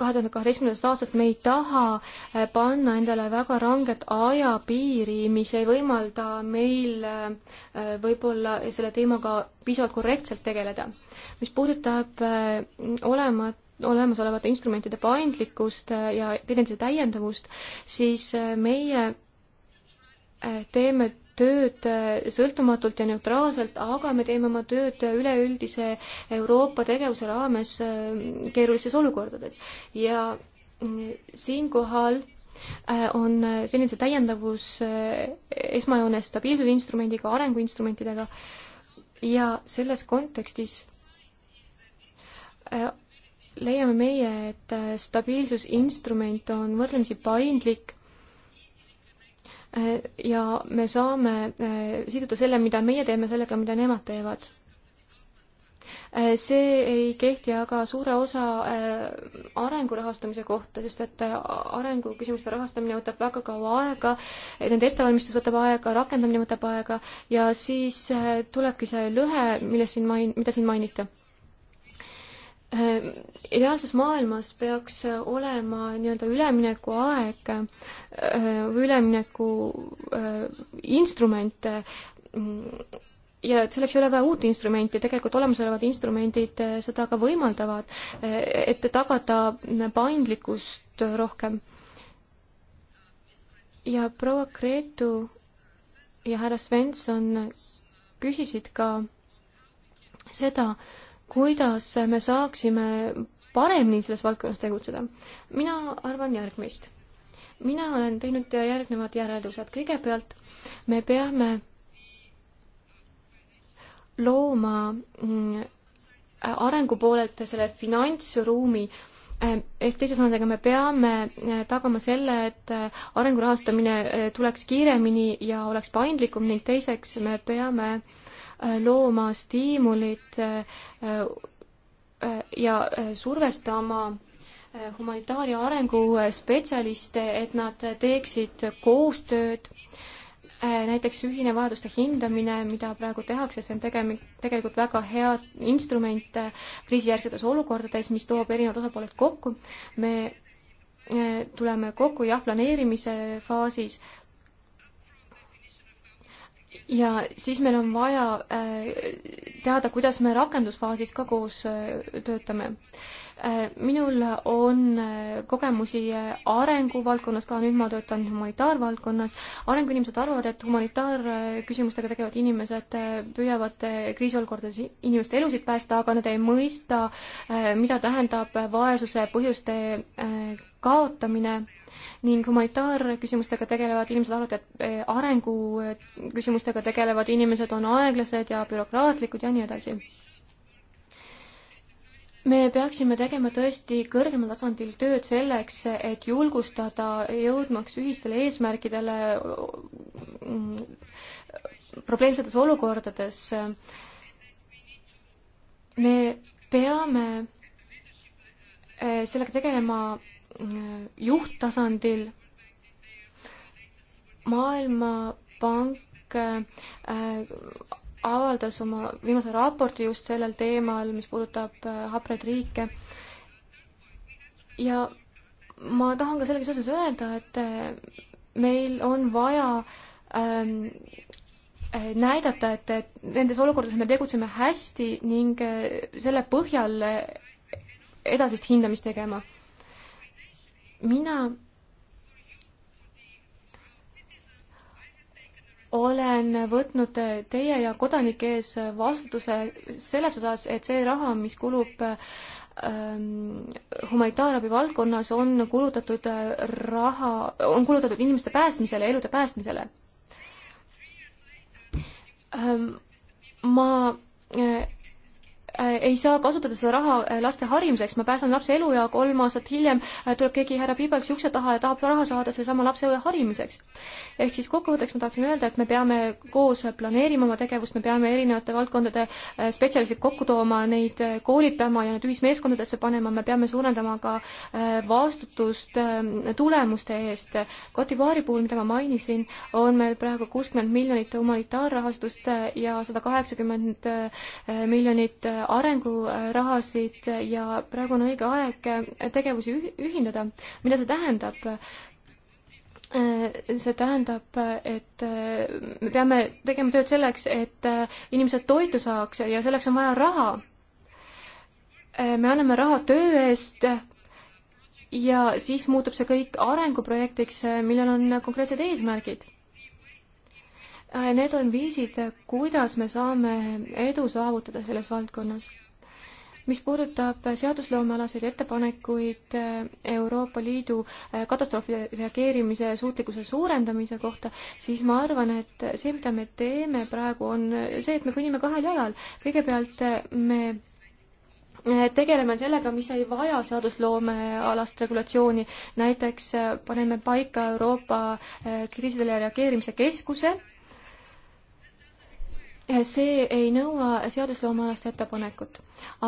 kahe tuhande kaheteistkümnendast aastast me ei taha äh, panna endale väga ranget ajapiiri, mis ei võimalda meil äh, äh, võib-olla selle teemaga piisavalt korrektselt tegeleda. mis puudutab olemat olemasolevate instrumentide paindlikkust ja teineteise täiendavust, siis meie teeme tööd äh, sõltumatult ja neutraalselt, aga me teeme oma tööd üleüldise Euroopa tegevuse raames äh, keerulistes olukordades. ja äh, siinkohal on selline täiendavus esmajoones stabiilsuse instrumendiga, arenguinstrumentidega ja selles kontekstis leiame meie, et stabiilsusinstrument on võrdlemisi paindlik Äh, ja me saame äh, siduda selle, mida meie teeme, sellega, mida nemad teevad. Äh, see ei kehti aga suure osa arengu rahastamise kohta, sest et arenguküsimuste rahastamine võtab väga kaua aega, nende ettevalmistus võtab aega, rakendamine võtab aega ja siis tulebki see lõhe, millest siin main-, mida siin mainiti ideaalses maailmas peaks olema nii-öelda üleminekuaeg, ülemineku äh, äh, instrument ja et selleks ei ole vaja uut instrumenti, tegelikult olemasolevad instrumendid äh, seda ka võimaldavad, et tagada paindlikkust rohkem. ja proua Gretu ja härra Svensson küsisid ka seda, kuidas me saaksime paremini selles valdkonnas tegutseda? mina arvan järgmist. mina olen teinud järgnevad järeldused. kõigepealt me peame looma mm, arengu poolelt selle finantsruumi, eh, ehk teise sõnadega, me peame eh, tagama selle, et eh, arengu rahastamine tuleks kiiremini ja oleks paindlikum ning teiseks me peame äh, Äh, looma stiimulit äh, äh, ja survestama humanitaar- ja arenguspetsialiste, et nad teeksid koostööd, näiteks ühine vajaduste hindamine, mida praegu tehakse, see on tegemi-, tegelikult väga hea instrument kriisijärgsetes olukordades, mis toob erinevad osapooled kokku. me tuleme kokku jah, planeerimise faasis, ja siis meil on vaja äh, teada, kuidas me rakendusfaasis ka koos äh, töötame. Äh, minul on kogemusi arenguvaldkonnas ka, nüüd ma töötan humanitaarvaldkonnas. arenguinimesed arvavad, et humanitaarküsimustega tegelevad inimesed püüavad kriisiolukordades inimeste elusid päästa, aga nad ei mõista, mida tähendab vaesuse põhjuste kaotamine ning humanitaarküsimustega tegelevad inimesed arvavad, et eh, arenguküsimustega tegelevad inimesed on aeglased ja bürokraatlikud ja nii edasi. me peaksime tegema tõesti kõrgemal tasandil tööd selleks, et julgustada jõudmaks ühistele eesmärkidele mm, probleemsetes olukordades. me peame eh, sellega tegelema juhttasandil. maailmapank äh, avaldas oma viimase raporti just sellel teemal, mis puudutab äh, hapraid riike. ja ma tahan ka sellega seoses öelda, et äh, meil on vaja ähm, näidata, et, et nendes olukordades me tegutseme hästi ning selle põhjal edasist hindamist tegema mina olen võtnud teie ja kodanike ees vastutuse selles osas, et see raha, mis kulub ähm, humanitaarabi valdkonnas, on kulutatud äh, raha, on kulutatud inimeste päästmisele, elude päästmisele ähm,. ma äh, Äh, ei saa kasutada seda raha äh, laste harimiseks, ma päästan lapse elu ja kolm aastat hiljem äh, tuleb keegi härra Piibaks ukse taha ja tahab raha saada sellesama lapse harimiseks. ehk siis kokkuvõtteks ma tahaksin öelda, et me peame koos planeerima oma tegevust, me peame erinevate valdkondade spetsialistid kokku tooma, neid koolitama ja need ühismeeskondadesse panema, me peame suurendama ka vastutust tulemuste eest. Cotivari puhul, mida ma mainisin, on meil praegu kuuskümmend miljonit humanitaarrahastust ja sada kaheksakümmend miljonit arengurahasid ja praegu on õige aeg tegevusi ühindada. mida see tähendab? Äh, see tähendab, et äh, me peame tegema tööd selleks, et äh, inimesed toitu saaks ja selleks on vaja raha. me anname raha töö eest ja siis muutub see kõik arenguprojektiks, millel on konkreetsed eesmärgid Äh, need on viisid, kuidas me saame edu saavutada selles valdkonnas. mis puudutab seadusloomealaseid ettepanekuid äh, Euroopa Liidu äh, katastroofile reageerimise suutlikkuse suurendamise kohta, siis ma arvan, et see, mida me teeme praegu, on see, et me kõnnime kahel jalal. kõigepealt me tegeleme sellega, mis ei vaja seadusloomealast regulatsiooni. näiteks paneme paika Euroopa kriisidele reageerimise keskuse see ei nõua seadusloomealast ettepanekut,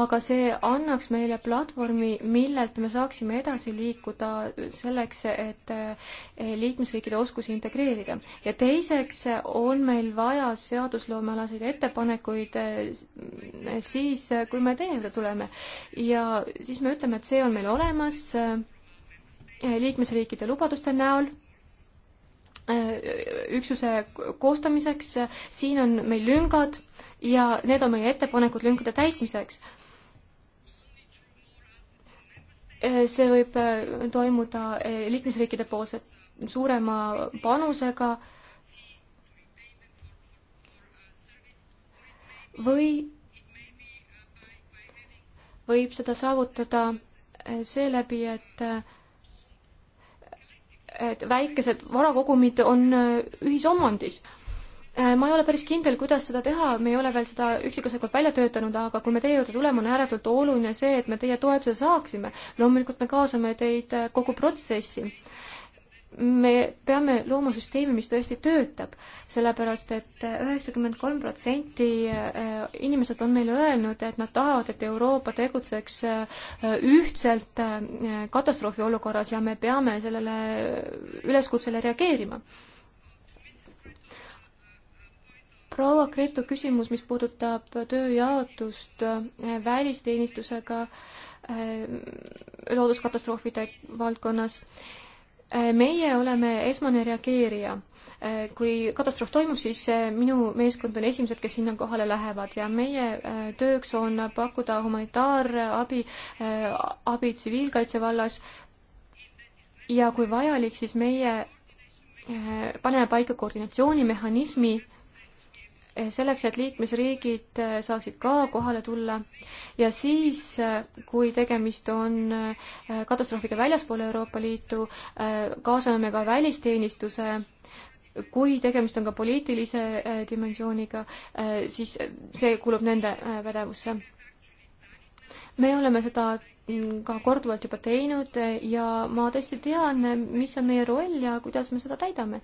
aga see annaks meile platvormi, millelt me saaksime edasi liikuda selleks, et eh, liikmesriikide oskusi integreerida. ja teiseks on meil vaja seadusloomealaseid ettepanekuid eh, siis, kui me teie juurde tuleme. ja siis me ütleme, et see on meil olemas eh, liikmesriikide lubaduste näol Äh, üksuse koostamiseks, siin on meil lüngad ja need on meie ettepanekud lünkade täitmiseks. Äh, see võib äh, toimuda liikmesriikide poolse suurema panusega või võib seda saavutada seeläbi, et et väikesed varakogumid on äh, ühisomandis. Äh, ma ei ole päris kindel, kuidas seda teha, me ei ole veel seda üksikasjalikult välja töötanud, aga kui me teie juurde tuleme, on ääretult oluline see, et me teie toetuse saaksime. loomulikult me kaasame teid äh, kogu protsessi me peame looma süsteemi, mis tõesti töötab, sellepärast et üheksakümmend kolm protsenti äh, inimesed on meile öelnud, et nad tahavad, et Euroopa tegutseks äh, ühtselt äh, katastroofiolukorras ja me peame sellele üleskutsele reageerima. proua Gretu küsimus, mis puudutab tööjaotust välisteenistusega looduskatastroofide valdkonnas Äh, meie oleme esmane reageerija. Äh, kui katastroof toimub, siis äh, minu meeskond on esimesed, kes sinna kohale lähevad ja meie tööks on pakkuda humanitaarabi, abi tsiviilkaitse vallas. ja kui vajalik, siis meie paneme paika koordinatsioonimehhanismi selleks, et liikmesriigid äh, saaksid ka kohale tulla ja siis, äh, kui tegemist on äh, katastroofiga väljaspool Euroopa Liitu, kaasame me ka välisteenistuse, kui tegemist on ka poliitilise dimensiooniga, siis see kuulub nende pädevusse. me oleme seda mm, ka korduvalt juba teinud ja ma tõesti tean, mis on meie roll ja kuidas me seda täidame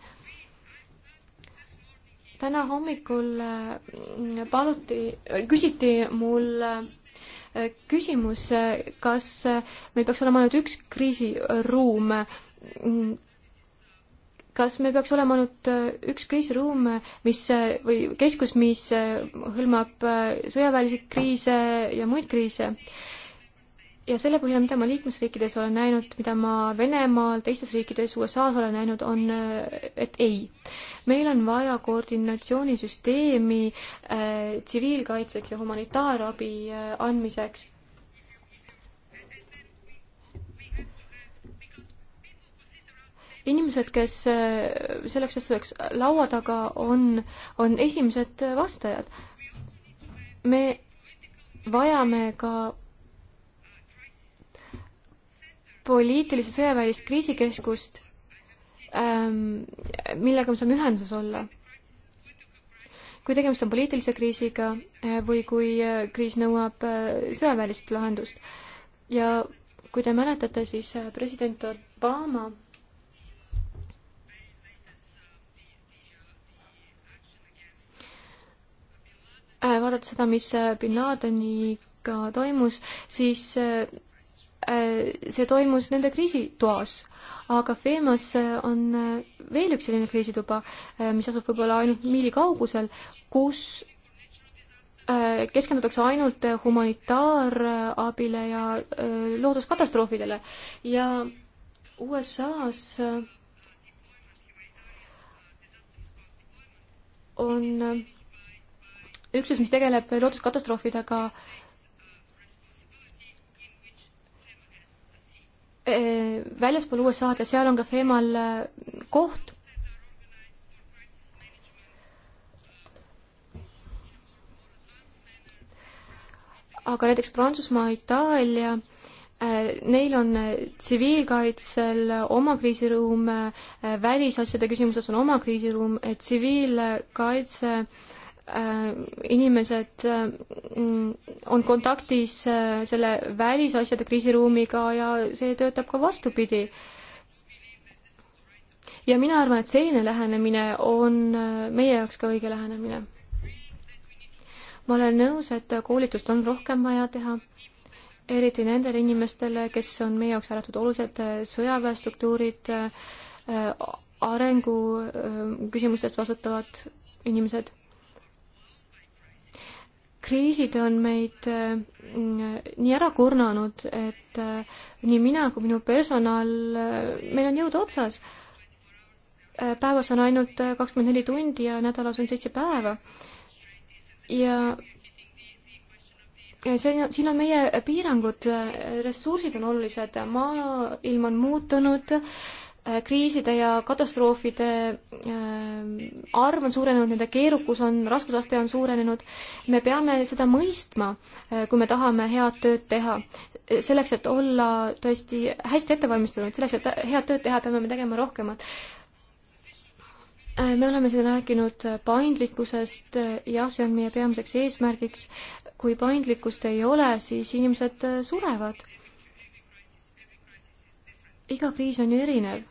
täna hommikul äh, paluti, äh, küsiti mul äh, küsimus, kas meil peaks olema ainult üks kriisiruum mm, kas meil peaks olema ainult üks kriisiruum, mis või keskus, mis hõlmab sõjaväelisi kriise ja muid kriise? ja selle põhjal, mida ma liikmesriikides olen näinud, mida ma Venemaal, teistes riikides, USA-s olen näinud, on, et ei. meil on vaja koordinatsioonisüsteemi äh, tsiviilkaitseks ja humanitaarabi äh, andmiseks inimesed, kes äh, selleks vastuseks laua taga on, on esimesed vastajad. me vajame ka poliitilise sõjaväelist kriisikeskust, ähm, millega me saame ühenduses olla. kui tegemist on poliitilise kriisiga äh, või kui äh, kriis nõuab äh, sõjaväelist lahendust. ja kui te mäletate, siis president Obama vaadates seda, mis bin Ladeniga toimus, siis Äh, see toimus nende kriisitoas, aga Feemas äh, on äh, veel üks selline kriisituba, mis asub võib-olla ainult miili kaugusel, kus keskendutakse ainult humanitaarabile ja looduskatastroofidele ja USA-s on üksus, mis tegeleb looduskatastroofidega äh, Eh, väljaspool USA-d ja seal on ka FEMA-l eh, koht. aga näiteks Prantsusmaa, Itaalia, eh, neil on tsiviilkaitsel oma kriisiruum, välisasjade küsimuses on oma kriisiruum, tsiviilkaitse äh, Äh, inimesed äh, on kontaktis äh, selle välisasjade kriisiruumiga ja see töötab ka vastupidi. ja mina arvan, et selline lähenemine on meie jaoks ka õige lähenemine. ma olen nõus, et koolitust on rohkem vaja teha, eriti nendele inimestele, kes on meie jaoks ääretult olulised sõjaväestruktuurid, arengu küsimustest vastutavad inimesed kriisid on meid äh, nii ära kurnanud, et äh, nii mina kui minu personal, äh, meil on jõud otsas. päevas on ainult kakskümmend neli tundi ja nädalas on seitse päeva. ja see, siin on meie piirangud, ressursid on olulised, maailm on muutunud äh,, Äh, kriiside ja katastroofide äh, arv on suurenenud, nende keerukus on, raskusaste on suurenenud. me peame seda mõistma, äh, kui me tahame head tööd teha. selleks, et olla tõesti hästi ette valmistunud, selleks, et head tööd teha, peame me tegema rohkemat. me oleme siin rääkinud paindlikkusest, jah, see on meie peamiseks eesmärgiks. kui paindlikkust ei ole, siis inimesed surevad iga kriis on ju erinev.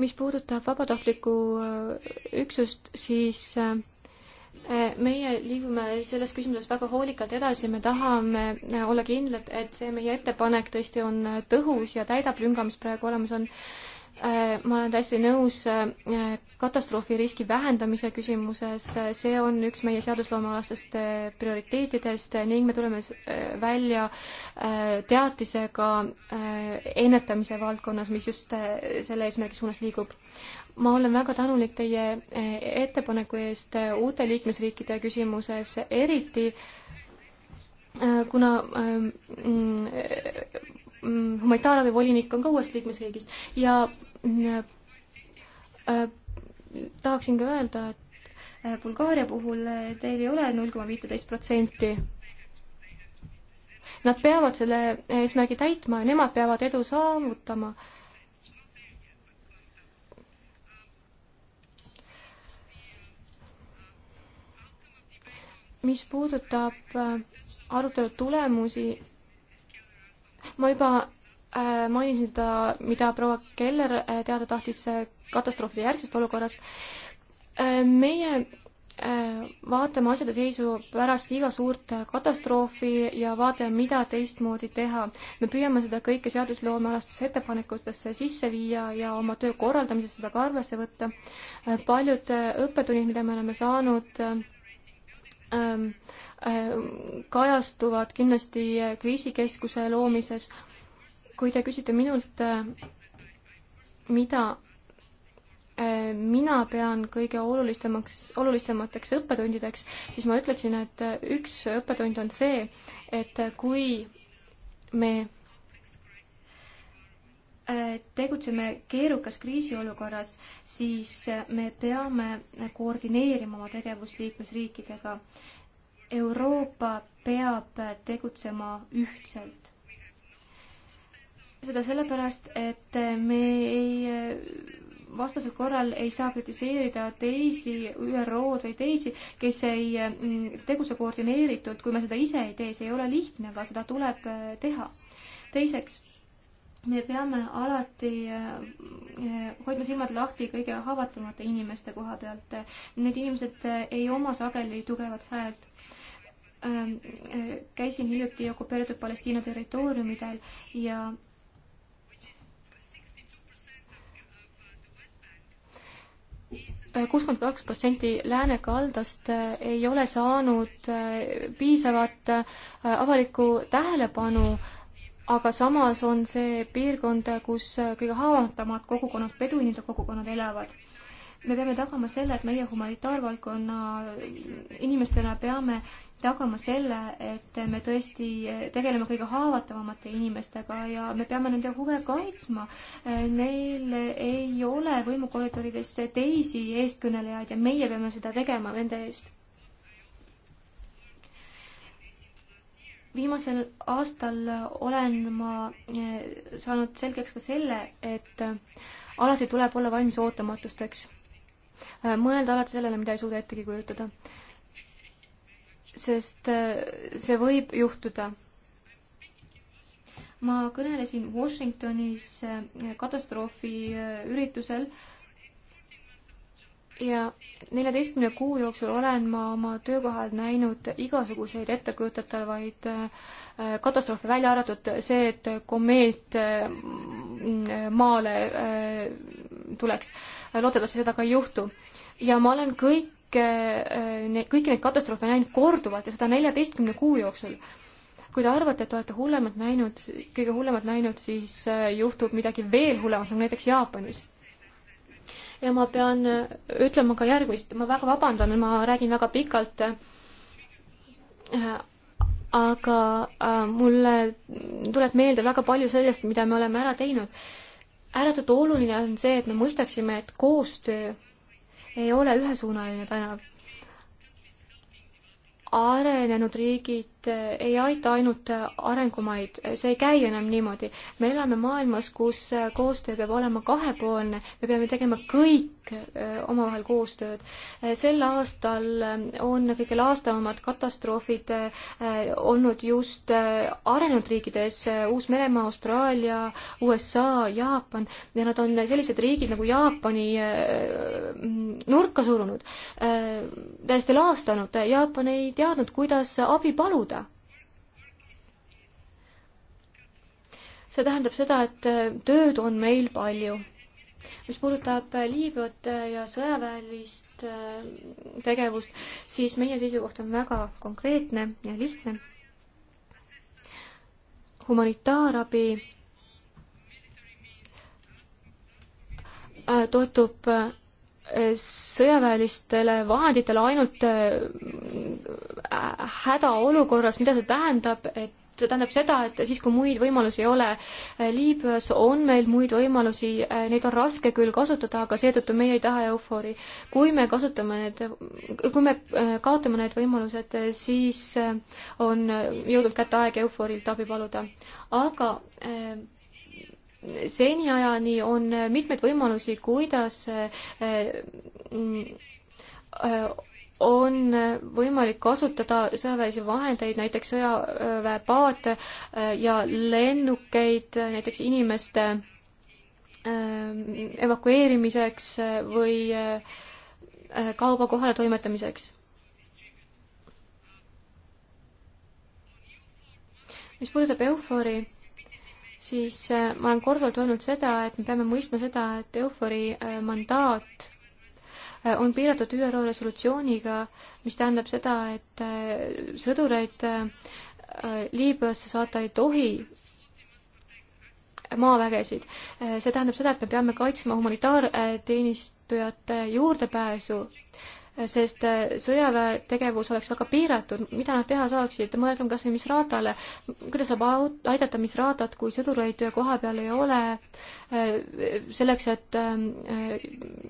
mis puudutab vabatahtlikku äh, üksust, siis äh, meie liigume selles küsimuses väga hoolikalt edasi, me tahame äh, olla kindlad, et see meie ettepanek tõesti on tõhus ja täidab lünga, mis praegu olemas on. Äh, ma olen täiesti nõus äh, katastroofiriski vähendamise küsimuses, see on üks meie seadusloomealastest äh, prioriteetidest ning me tuleme välja teatisega ennetamise valdkonnas, mis just selle eesmärgi suunas liigub. ma olen väga tänulik teie ettepaneku eest uute liikmesriikide küsimuses, eriti kuna ähm, mm, mm, humanitaarabi volinik on ka uuest liikmesriigist ja Äh, tahaksin ka öelda, et äh, Bulgaaria puhul äh, teil ei ole null koma viiteist protsenti. Nad peavad selle eesmärgi täitma ja nemad peavad edu saavutama. mis puudutab arutelu tulemusi, ma juba Äh, mainisin seda, mida proua Keller äh, teada tahtis äh, katastroofide järgsest olukorras. meie vaatame asjade seisu pärast iga suurt katastroofi ja vaatame, mida teistmoodi teha. me püüame seda kõike seadusloomealastesse ettepanekutesse sisse viia ja oma töö korraldamises seda ka arvesse võtta. paljud õppetunnid, mida me oleme saanud, ähm, kajastuvad kindlasti kriisikeskuse loomises kui te küsite minult, äh, mida äh, mina pean kõige olulisemaks, olulisemateks õppetundideks, siis ma ütleksin, et äh, üks õppetund on see, et kui me tegutseme keerukas kriisiolukorras, siis me peame koordineerima oma tegevust liikmesriikidega. Euroopa peab tegutsema ühtselt seda sellepärast, et me ei, vastasel korral ei saa kritiseerida teisi ÜRO-d või teisi, kes ei mm, tegutse koordineeritud, kui me seda ise ei tee, see ei ole lihtne, aga seda tuleb äh, teha. teiseks, me peame alati äh, hoidma silmad lahti kõige haavatavamate inimeste koha pealt. Need inimesed äh, ei oma sageli tugevat häält ähm, käisin hiljuti okupeeritud Palestiina territooriumidel ja kuuskümmend kaks protsenti läänekaldast äh, ei ole saanud äh, piisavat äh, avalikku tähelepanu, aga samas on see piirkond, kus kõige haavatavamad kogukonnad, peduinide kogukonnad elavad. me peame tagama selle, et meie humanitaarvaldkonna inimestena peame tagama selle, et me tõesti tegeleme kõige haavatavamate inimestega ja me peame nende huve kaitsma. Neil ei ole võimukoridorides teisi eestkõnelejaid ja meie peame seda tegema nende eest. viimasel aastal olen ma eh, saanud selgeks ka selle, et eh, alati tuleb olla valmis ootamatusteks. Eh, mõelda alati sellele, mida ei suuda ettegi kujutada sest äh, see võib juhtuda. ma kõnelesin Washingtonis äh, katastroofiüritusel äh, ja neljateistkümne kuu jooksul olen ma oma töökohal näinud igasuguseid ettekujutatavaid katastroofe, välja arvatud see, et komeet mm, maale tuleks. loodetavasti seda ka ei juhtu. ja ma olen kõik kõike, kõiki neid katastroofe näinud korduvalt ja seda neljateistkümne kuu jooksul. kui te arvate, et olete hullemat näinud, kõige hullemat näinud, siis äh, juhtub midagi veel hullemat, nagu näiteks Jaapanis. ja ma pean äh, ütlema ka järgmist, ma väga vabandan, ma räägin väga pikalt, äh, aga mulle tuleb meelde väga palju sellest, mida me oleme ära teinud. ääretult oluline on see, et me mõistaksime, et koostöö ei ole ühesuunaline tänav. arenenud riigid Eh, ei aita ainult arengumaid, see ei käi enam niimoodi. me elame maailmas, kus eh, koostöö peab olema kahepoolne, me peame tegema kõik eh, omavahel koostööd. sel aastal on kõige laastavamad katastroofid olnud just arenenud riikides, Uus-Meremaa, Austraalia, USA, Jaapan ja nad on sellised riigid nagu Jaapani mm, nurka surunud, täiesti laastanud. Jaapan ei teadnud, kuidas abi paluda see tähendab seda, et äh, tööd on meil palju. mis puudutab äh, Liibüat äh, ja sõjaväelist tegevust, siis meie seisukoht on väga konkreetne ja lihtne. humanitaarabi toetub sõjaväelistele vahenditele ainult hädaolukorras, mida see tähendab, et see tähendab seda, et siis, kui muid võimalusi ei ole, eh, Liibüas on meil muid võimalusi, eh, neid on raske küll kasutada, aga seetõttu meie ei taha eufoori. kui me kasutame need, kui me eh, kaotame need võimalused, siis on jõudnud kätte aeg eufoorilt abi paluda. aga seniajani on mitmeid võimalusi, kuidas mm, on võimalik kasutada sõjaväelisi vahendeid, näiteks sõjaväepaate äh, ja lennukeid äh, näiteks inimeste äh, evakueerimiseks või kauba kohale toimetamiseks. mis puudutab EUFOR-i, siis ma olen korduvalt öelnud seda, et me peame mõistma seda, et EUFOR-i mandaat Äh, on piiratud ÜRO resolutsiooniga, mis tähendab seda, et äh, sõdureid äh, Liibüasse saata ei tohi, maavägesid. see tähendab seda, et me peame kaitsma humanitaarteenistujate juurdepääsu sest äh, sõjaväe tegevus oleks väga piiratud, mida nad teha saaksid, mõelgem kas või Misratale, kuidas saab aidata Misratat, kui sõdureid koha peal ei ole, äh, selleks, et äh,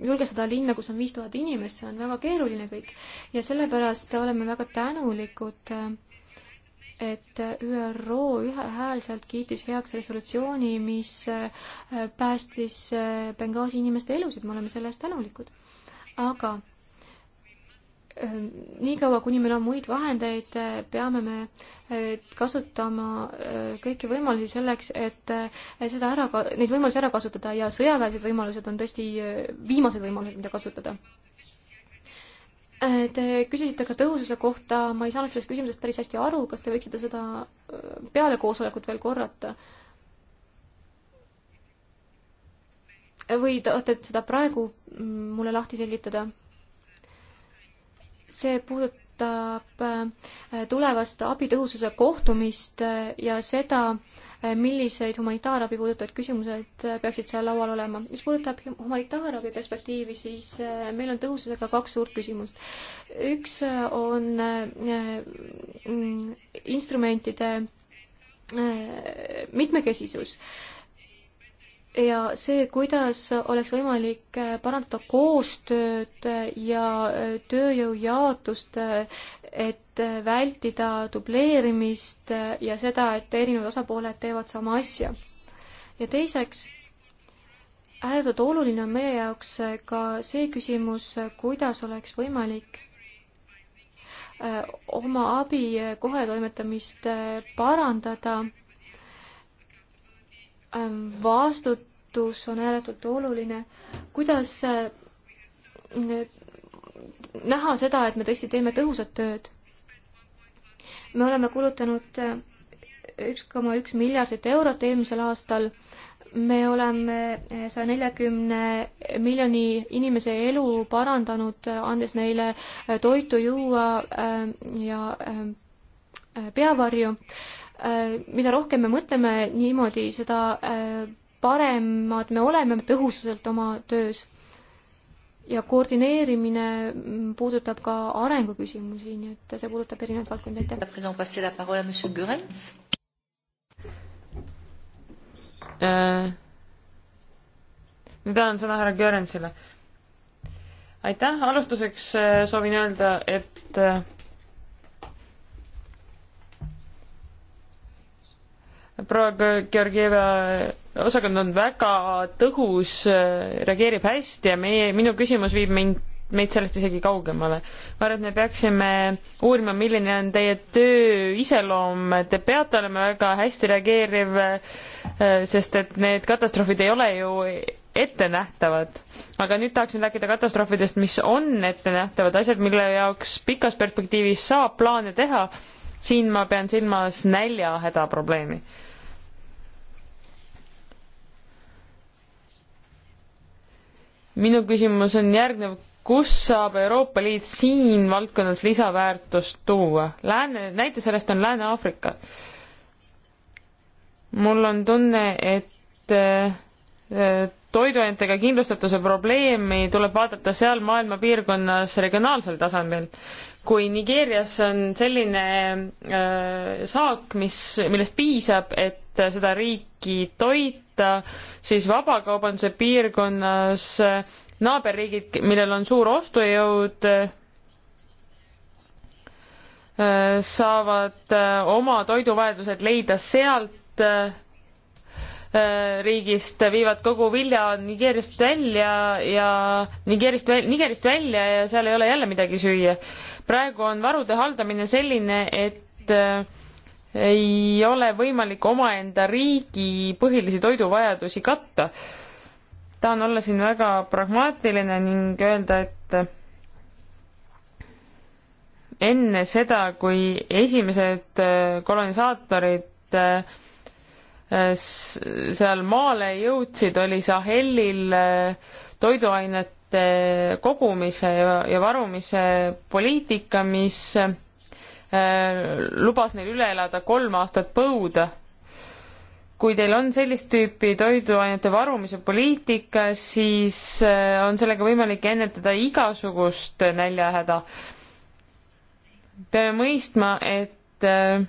julgestada linna, kus on viis tuhat inimest, see on väga keeruline kõik. ja sellepärast oleme väga tänulikud et ÜRO ühehäälselt kiitis heaks resolutsiooni, mis päästis Benghazi inimeste elusid, me oleme selle eest tänulikud. aga Äh, niikaua, kuni meil on muid vahendeid, äh, peame me äh, kasutama kõiki võimalusi selleks, et seda ära, neid võimalusi ära kasutada ja sõjaväelised võimalused on tõesti viimased võimalused, mida kasutada. Te küsisite ka tõhususe kohta, ma ei saanud sellest küsimusest päris hästi aru, kas te võiksite seda peale koosolekut veel korrata? või tahate seda praegu mm, mulle lahti selgitada? see puudutab äh, tulevast abitõhususe kohtumist äh, ja seda, äh, milliseid humanitaarabi puudutavaid küsimused peaksid seal laual olema. mis puudutab humanitaarabi perspektiivi, siis meil on tõhususega kaks suurt küsimust. üks on mm, instrumentide mitmekesisus ja see, kuidas oleks võimalik äh, parandada koostööd äh, ja äh, tööjõu jaotust, et vältida dubleerimist ja seda, et erinevad osapooled teevad sama asja. ja teiseks, ääretult oluline on meie jaoks ka see küsimus, kuidas oleks võimalik oma abi kohetoimetamist parandada Ähm, vastutus on ääretult oluline. kuidas äh, näha seda, et me tõesti teeme tõhusat tööd? me oleme kulutanud äh, üks koma üks miljardit eurot eelmisel aastal. me oleme äh, saja neljakümne miljoni inimese elu parandanud, andes neile toitu, juua ja peavarju. Äh, mida rohkem me mõtleme niimoodi, seda äh, paremad me oleme tõhususelt oma töös. ja koordineerimine mm, puudutab ka arenguküsimusi, nii et see puudutab erinevaid valdkondi, aitäh. nüüd annan äh, sõna härra Görensile. aitäh, alustuseks soovin öelda, et proua Georgieva osakond on väga tõhus, reageerib hästi ja meie, minu küsimus viib mind, meid sellest isegi kaugemale. ma arvan, et me peaksime uurima, milline on teie töö iseloom, te peate olema väga hästi reageeriv, sest et need katastroofid ei ole ju ettenähtavad. aga nüüd tahaksin rääkida katastroofidest, mis on ettenähtavad asjad, mille jaoks pikas perspektiivis saab plaane teha. siin ma pean silmas näljahäda probleemi minu küsimus on järgnev, kus saab Euroopa Liit siin valdkonnas lisaväärtust tuua? Lääne, näite sellest on Lääne-Aafrika. mul on tunne, et äh, toiduainetega kindlustatuse probleemi tuleb vaadata seal maailma piirkonnas regionaalsel tasandil kui Nigeerias on selline äh, saak, mis, millest piisab, et seda riiki toita, siis vabakaubanduse piirkonnas äh, naaberriigid, millel on suur ostujõud äh,, saavad äh, oma toiduvajadused leida sealt äh, Äh, riigist viivad kogu vilja Nigeeriast välja ja Nigeerist, Nigerist välja ja seal ei ole jälle midagi süüa. praegu on varude haldamine selline, et äh, ei ole võimalik omaenda riigi põhilisi toiduvajadusi katta. tahan olla siin väga pragmaatiline ning öelda, et äh, enne seda, kui esimesed kolonisaatorid seal maale jõudsid, oli Sahelil äh, toiduainete kogumise ja, ja varumise poliitika, mis äh, lubas neil üle elada kolm aastat põuda. kui teil on sellist tüüpi toiduainete varumise poliitika, siis äh, on sellega võimalik ennetada igasugust näljahäda. peame mõistma, et äh,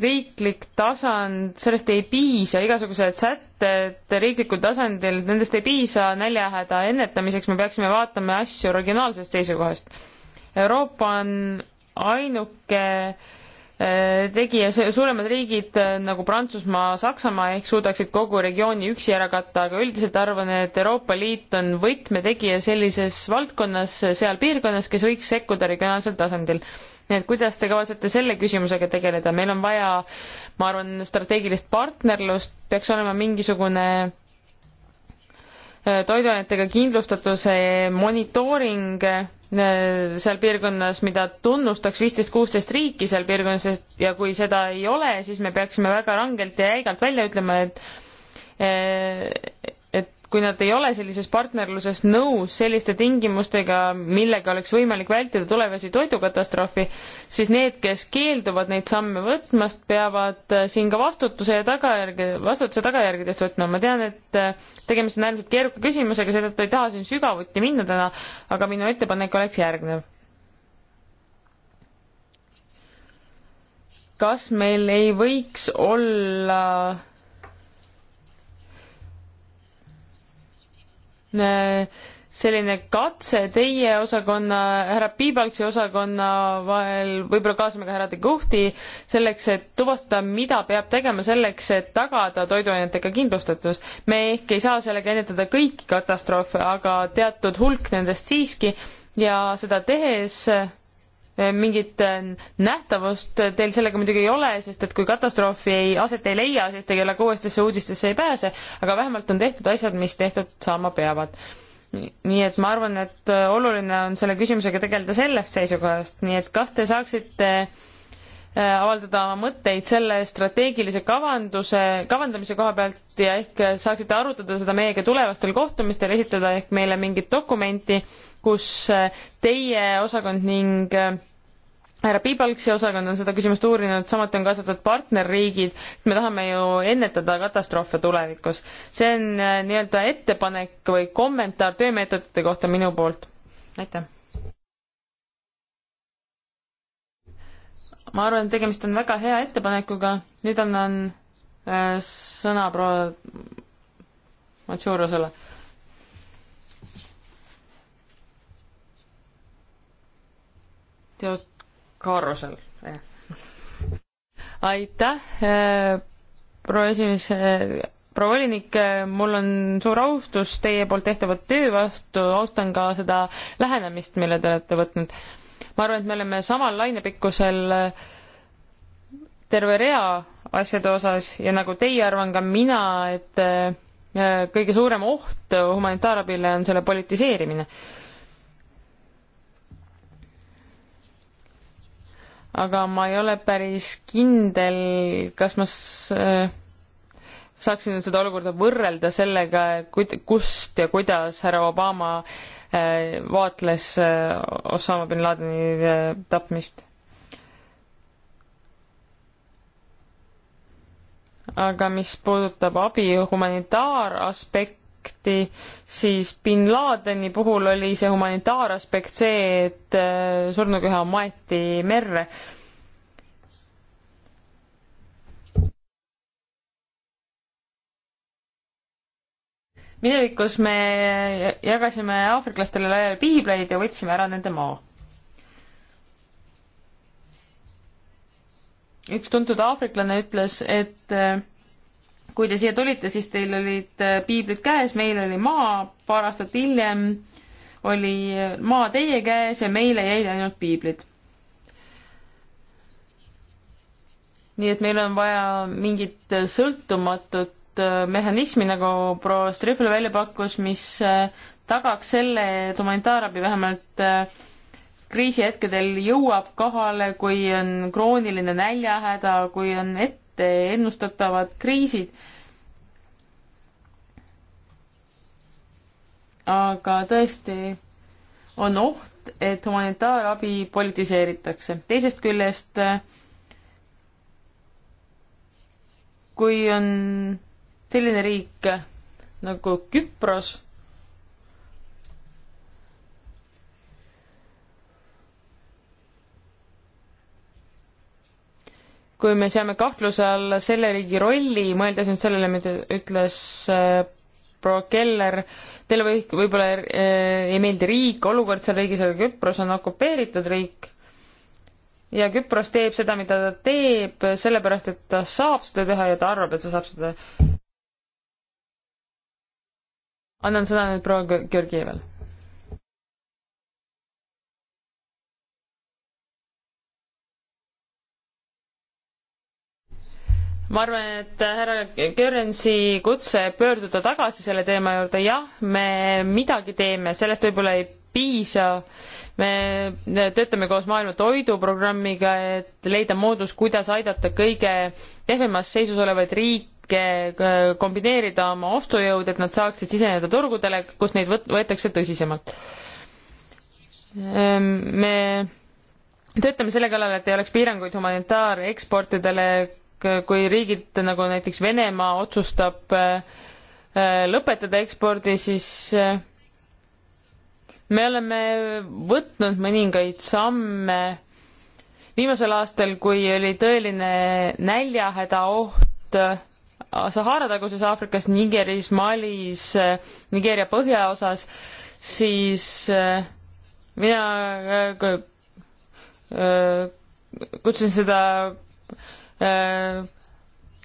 riiklik tasand, sellest ei piisa, igasugused sätted riiklikul tasandil, nendest ei piisa näljahäda ennetamiseks, me peaksime vaatama asju regionaalsest seisukohast. Euroopa on ainuke äh, tegi ja suuremad riigid äh, nagu Prantsusmaa, Saksamaa ehk suudaksid kogu regiooni üksi ära katta, aga üldiselt arvan, et Euroopa Liit on võtmetegija sellises valdkonnas, seal piirkonnas, kes võiks sekkuda regionaalsel tasandil. nii et kuidas te kavatsete selle küsimusega tegeleda, meil on vaja, ma arvan, strateegilist partnerlust, peaks olema mingisugune äh, toiduainetega kindlustatuse monitooring Äh, seal piirkonnas, mida tunnustaks viisteist, kuusteist riiki seal piirkonnas ja kui seda ei ole, siis me peaksime väga rangelt ja jäigalt välja ütlema, et äh, kui nad ei ole sellises partnerluses nõus selliste tingimustega, millega oleks võimalik vältida tulevasi toidukatastroofi, siis need, kes keelduvad neid samme võtmast, peavad äh, siin ka vastutuse ja tagajärge, vastutuse tagajärgedest võtma. ma tean, et äh, tegemist on äärmiselt keeruka küsimusega, seetõttu ei taha siin sügavuti minna täna, aga minu ettepanek oleks järgnev. kas meil ei võiks olla selline katse teie osakonna, härra Piibalksi osakonna vahel, võib-olla kaasame ka härra De Guhti, selleks, et tuvastada, mida peab tegema selleks, et tagada toiduainetega kindlustatus. me ehk ei saa sellega ennetada kõiki katastroofe, aga teatud hulk nendest siiski ja seda tehes Eh, mingit eh, nähtavust teil sellega muidugi ei ole, sest et kui katastroofi ei, aset ei leia, siis te kella kuuestesse uudistesse ei pääse, aga vähemalt on tehtud asjad, mis tehtud saama peavad. nii et ma arvan, et eh, oluline on selle küsimusega tegeleda sellest seisukohast, nii et kas te saaksite äh, Äh, avaldada oma mõtteid selle strateegilise kavanduse, kavandamise koha pealt ja ehk äh, saaksite arutada seda meiega tulevastel kohtumistel, esitada ehk meile mingit dokumenti, kus äh, teie osakond ning härra Piibalksi osakond on seda küsimust uurinud, samuti on kaasatud partnerriigid, me tahame ju ennetada katastroofe tulevikus. see on nii-öelda ettepanek või kommentaar töömeetodite kohta minu poolt. aitäh! ma arvan, et tegemist on väga hea ettepanekuga, nüüd annan äh, sõna proua Matsurosele. tead, Kaarosel eh.. aitäh äh,, proua esimees äh,, proua volinik, äh, mul on suur austus teie poolt tehtavat töö vastu, austan ka seda lähenemist, mille te olete võtnud äh, ma arvan, et me oleme samal lainepikkusel äh, terve rea asjade osas ja nagu teie, arvan ka mina, et äh, kõige suurem oht humanitaarabile on selle politiseerimine. aga ma ei ole päris kindel, kas ma äh, saaksin seda olukorda võrrelda sellega, kust ja kuidas härra Obama äh, Äh, vaatles äh, Osama bin Ladeni äh, tapmist. aga mis puudutab abi humanitaaraspekti, siis bin Ladeni puhul oli see humanitaaraspekt see, et surnukeha maeti merre minevikus me jagasime aafriklastele laiali piibleid ja võtsime ära nende maa. üks tuntud aafriklane ütles, et eh, kui te siia tulite, siis teil olid eh, piiblid käes, meil oli maa, paar aastat hiljem oli maa teie käes ja meile jäid ainult piiblid nii et meil on vaja mingit eh, sõltumatut uut äh, mehhanismi, nagu proua Strifle välja pakkus, mis äh, tagaks selle, et humanitaarabi vähemalt äh, kriisihetkedel jõuab kohale, kui on krooniline näljahäda, kui on ette ennustatavad kriisid. aga tõesti on oht, et humanitaarabi politiseeritakse. teisest küljest kui on selline riik nagu Küpros kui me seame kahtluse alla selle riigi rolli, mõeldes nüüd sellele, mida ütles äh, proua Keller, teile või, võib-olla äh, ei meeldi riik, olukord seal riigis, aga Küpros on okupeeritud riik ja Küpros teeb seda, mida ta teeb, sellepärast et ta saab seda teha ja ta arvab, et ta saab seda annan sõna nüüd proua Georgieval. ma arvan, et härra Göransi kutse pöörduda tagasi selle teema juurde, jah, me midagi teeme, sellest võib-olla ei piisa. me töötame koos Maailma Toiduprogrammiga, et leida moodus, kuidas aidata kõige kehvemas seisus olevaid riike Äh, kombineerida oma ostujõud, et nad saaksid siseneda turgudele, kus neid võt-, võetakse tõsisemalt. Ehm, me töötame selle kallal, et ei oleks piiranguid humanitaareksportidele, kui riigid nagu näiteks Venemaa otsustab äh, äh, lõpetada ekspordi, siis me oleme võtnud mõningaid samme viimasel aastal, kui oli tõeline näljahädaoht, Sahara taguses Aafrikas, Nigeris, Malis, Nigeeria põhjaosas, siis äh, mina äh, kutsun seda äh,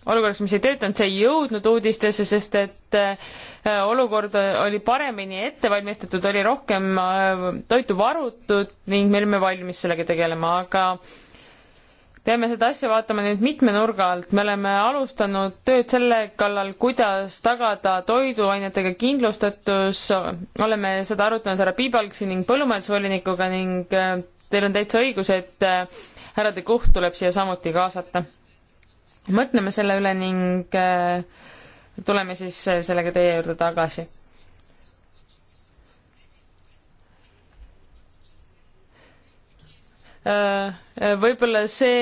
olukorraks, mis ei töötanud, see ei jõudnud uudistesse, sest et olukord oli paremini ette valmistatud, oli rohkem toitu varutud ning me olime valmis sellega tegelema, aga peame seda asja vaatama nüüd mitme nurga alt. me oleme alustanud tööd selle kallal, kuidas tagada toiduainetega kindlustatus. oleme seda arutanud härra Piibalksi ning põllumajandusvolinikuga ning äh, teil on täitsa õigus, et äh, härra De Kuht tuleb siia samuti kaasata. mõtleme selle üle ning äh, tuleme siis sellega teie juurde tagasi Äh, võib-olla see,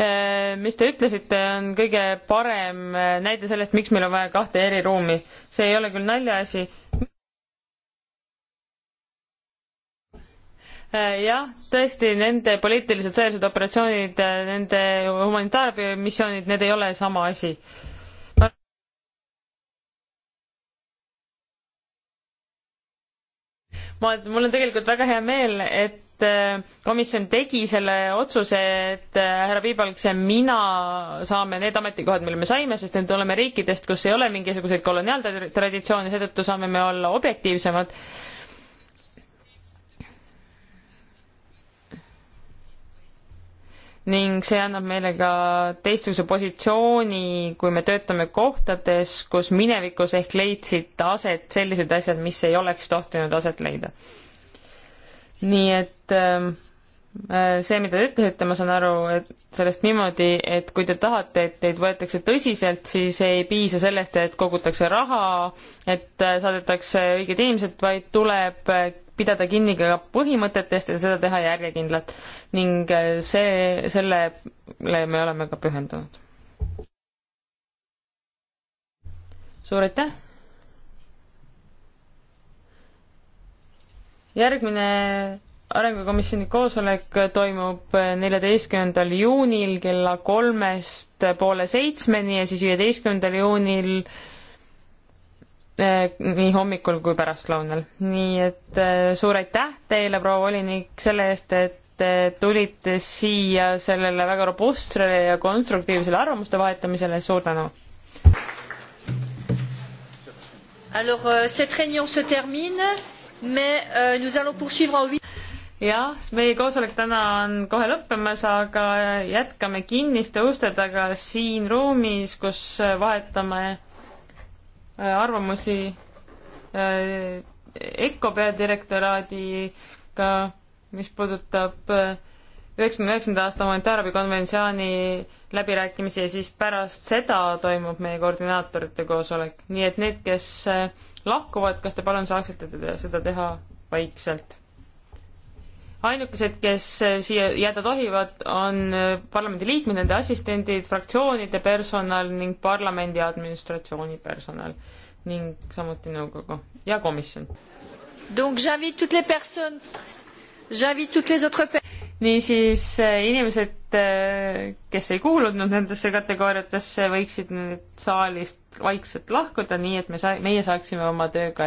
äh, mis te ütlesite, on kõige parem äh, näide sellest, miks meil on vaja kahte eriruumi. see ei ole küll naljaasi. jah, tõesti, nende poliitilised sõjalised operatsioonid, nende humanitaarmissioonid, need ei ole sama asi ma, mul on tegelikult väga hea meel, et et eh, komisjon tegi selle otsuse, et eh, härra Piibalks ja mina saame need ametikohad, mille me saime, sest me tuleme riikidest, kus ei ole mingisuguseid koloniaaltraditsioone, seetõttu saame me olla objektiivsemad. ning see annab meile ka teistsuguse positsiooni, kui me töötame kohtades, kus minevikus ehk leidsid aset sellised asjad, mis ei oleks tohtinud aset leida nii et ähm, äh, see, mida te ütlesite, ma saan aru, et sellest niimoodi, et kui te tahate, et teid võetakse tõsiselt, siis ei piisa sellest, et kogutakse raha, et äh, saadetakse õiged inimesed, vaid tuleb äh, pidada kinni ka põhimõtetest ja seda teha järjekindlalt. ning see, sellele me oleme ka pühendunud. suur aitäh! järgmine arengukomisjoni koosolek toimub eh, neljateistkümnendal juunil kella kolmest poole seitsmeni ja siis viieteistkümnendal juunil eh, nii hommikul kui pärastlõunal. nii et eh, suur aitäh teile, proua volinik, selle eest, et te eh, tulite siia sellele väga robustsele ja konstruktiivsele arvamuste vahetamisele, suur tänu! Alors, euh, cette réunion se termine mais euh, nous allons poursuivre en huit jah, meie koosolek täna on kohe lõppemas, aga jätkame kinniste uste taga siin ruumis, kus äh, vahetame äh, arvamusi äh, EKO peadirektoraadiga, mis puudutab äh, üheksakümne üheksanda aasta humanitaarabikonventsiooni läbirääkimisi ja siis pärast seda toimub meie koordinaatorite koosolek. nii et need, kes äh, lahkuvad, kas te palun saaksite seda teha vaikselt? ainukesed, kes äh, siia jääda tohivad, on äh, parlamendiliikmed, nende assistendid, fraktsioonide personal ning parlamendi administratsiooni personal ning samuti nõukogu ja komisjon. Donc j'invite toutes les personnes, j'invite toutes les autres personnes niisiis eh, inimesed, eh, kes ei kuulunud nendesse kategooriatesse, võiksid nüüd saalist vaikselt lahkuda, nii et me sa-, meie saaksime oma tööga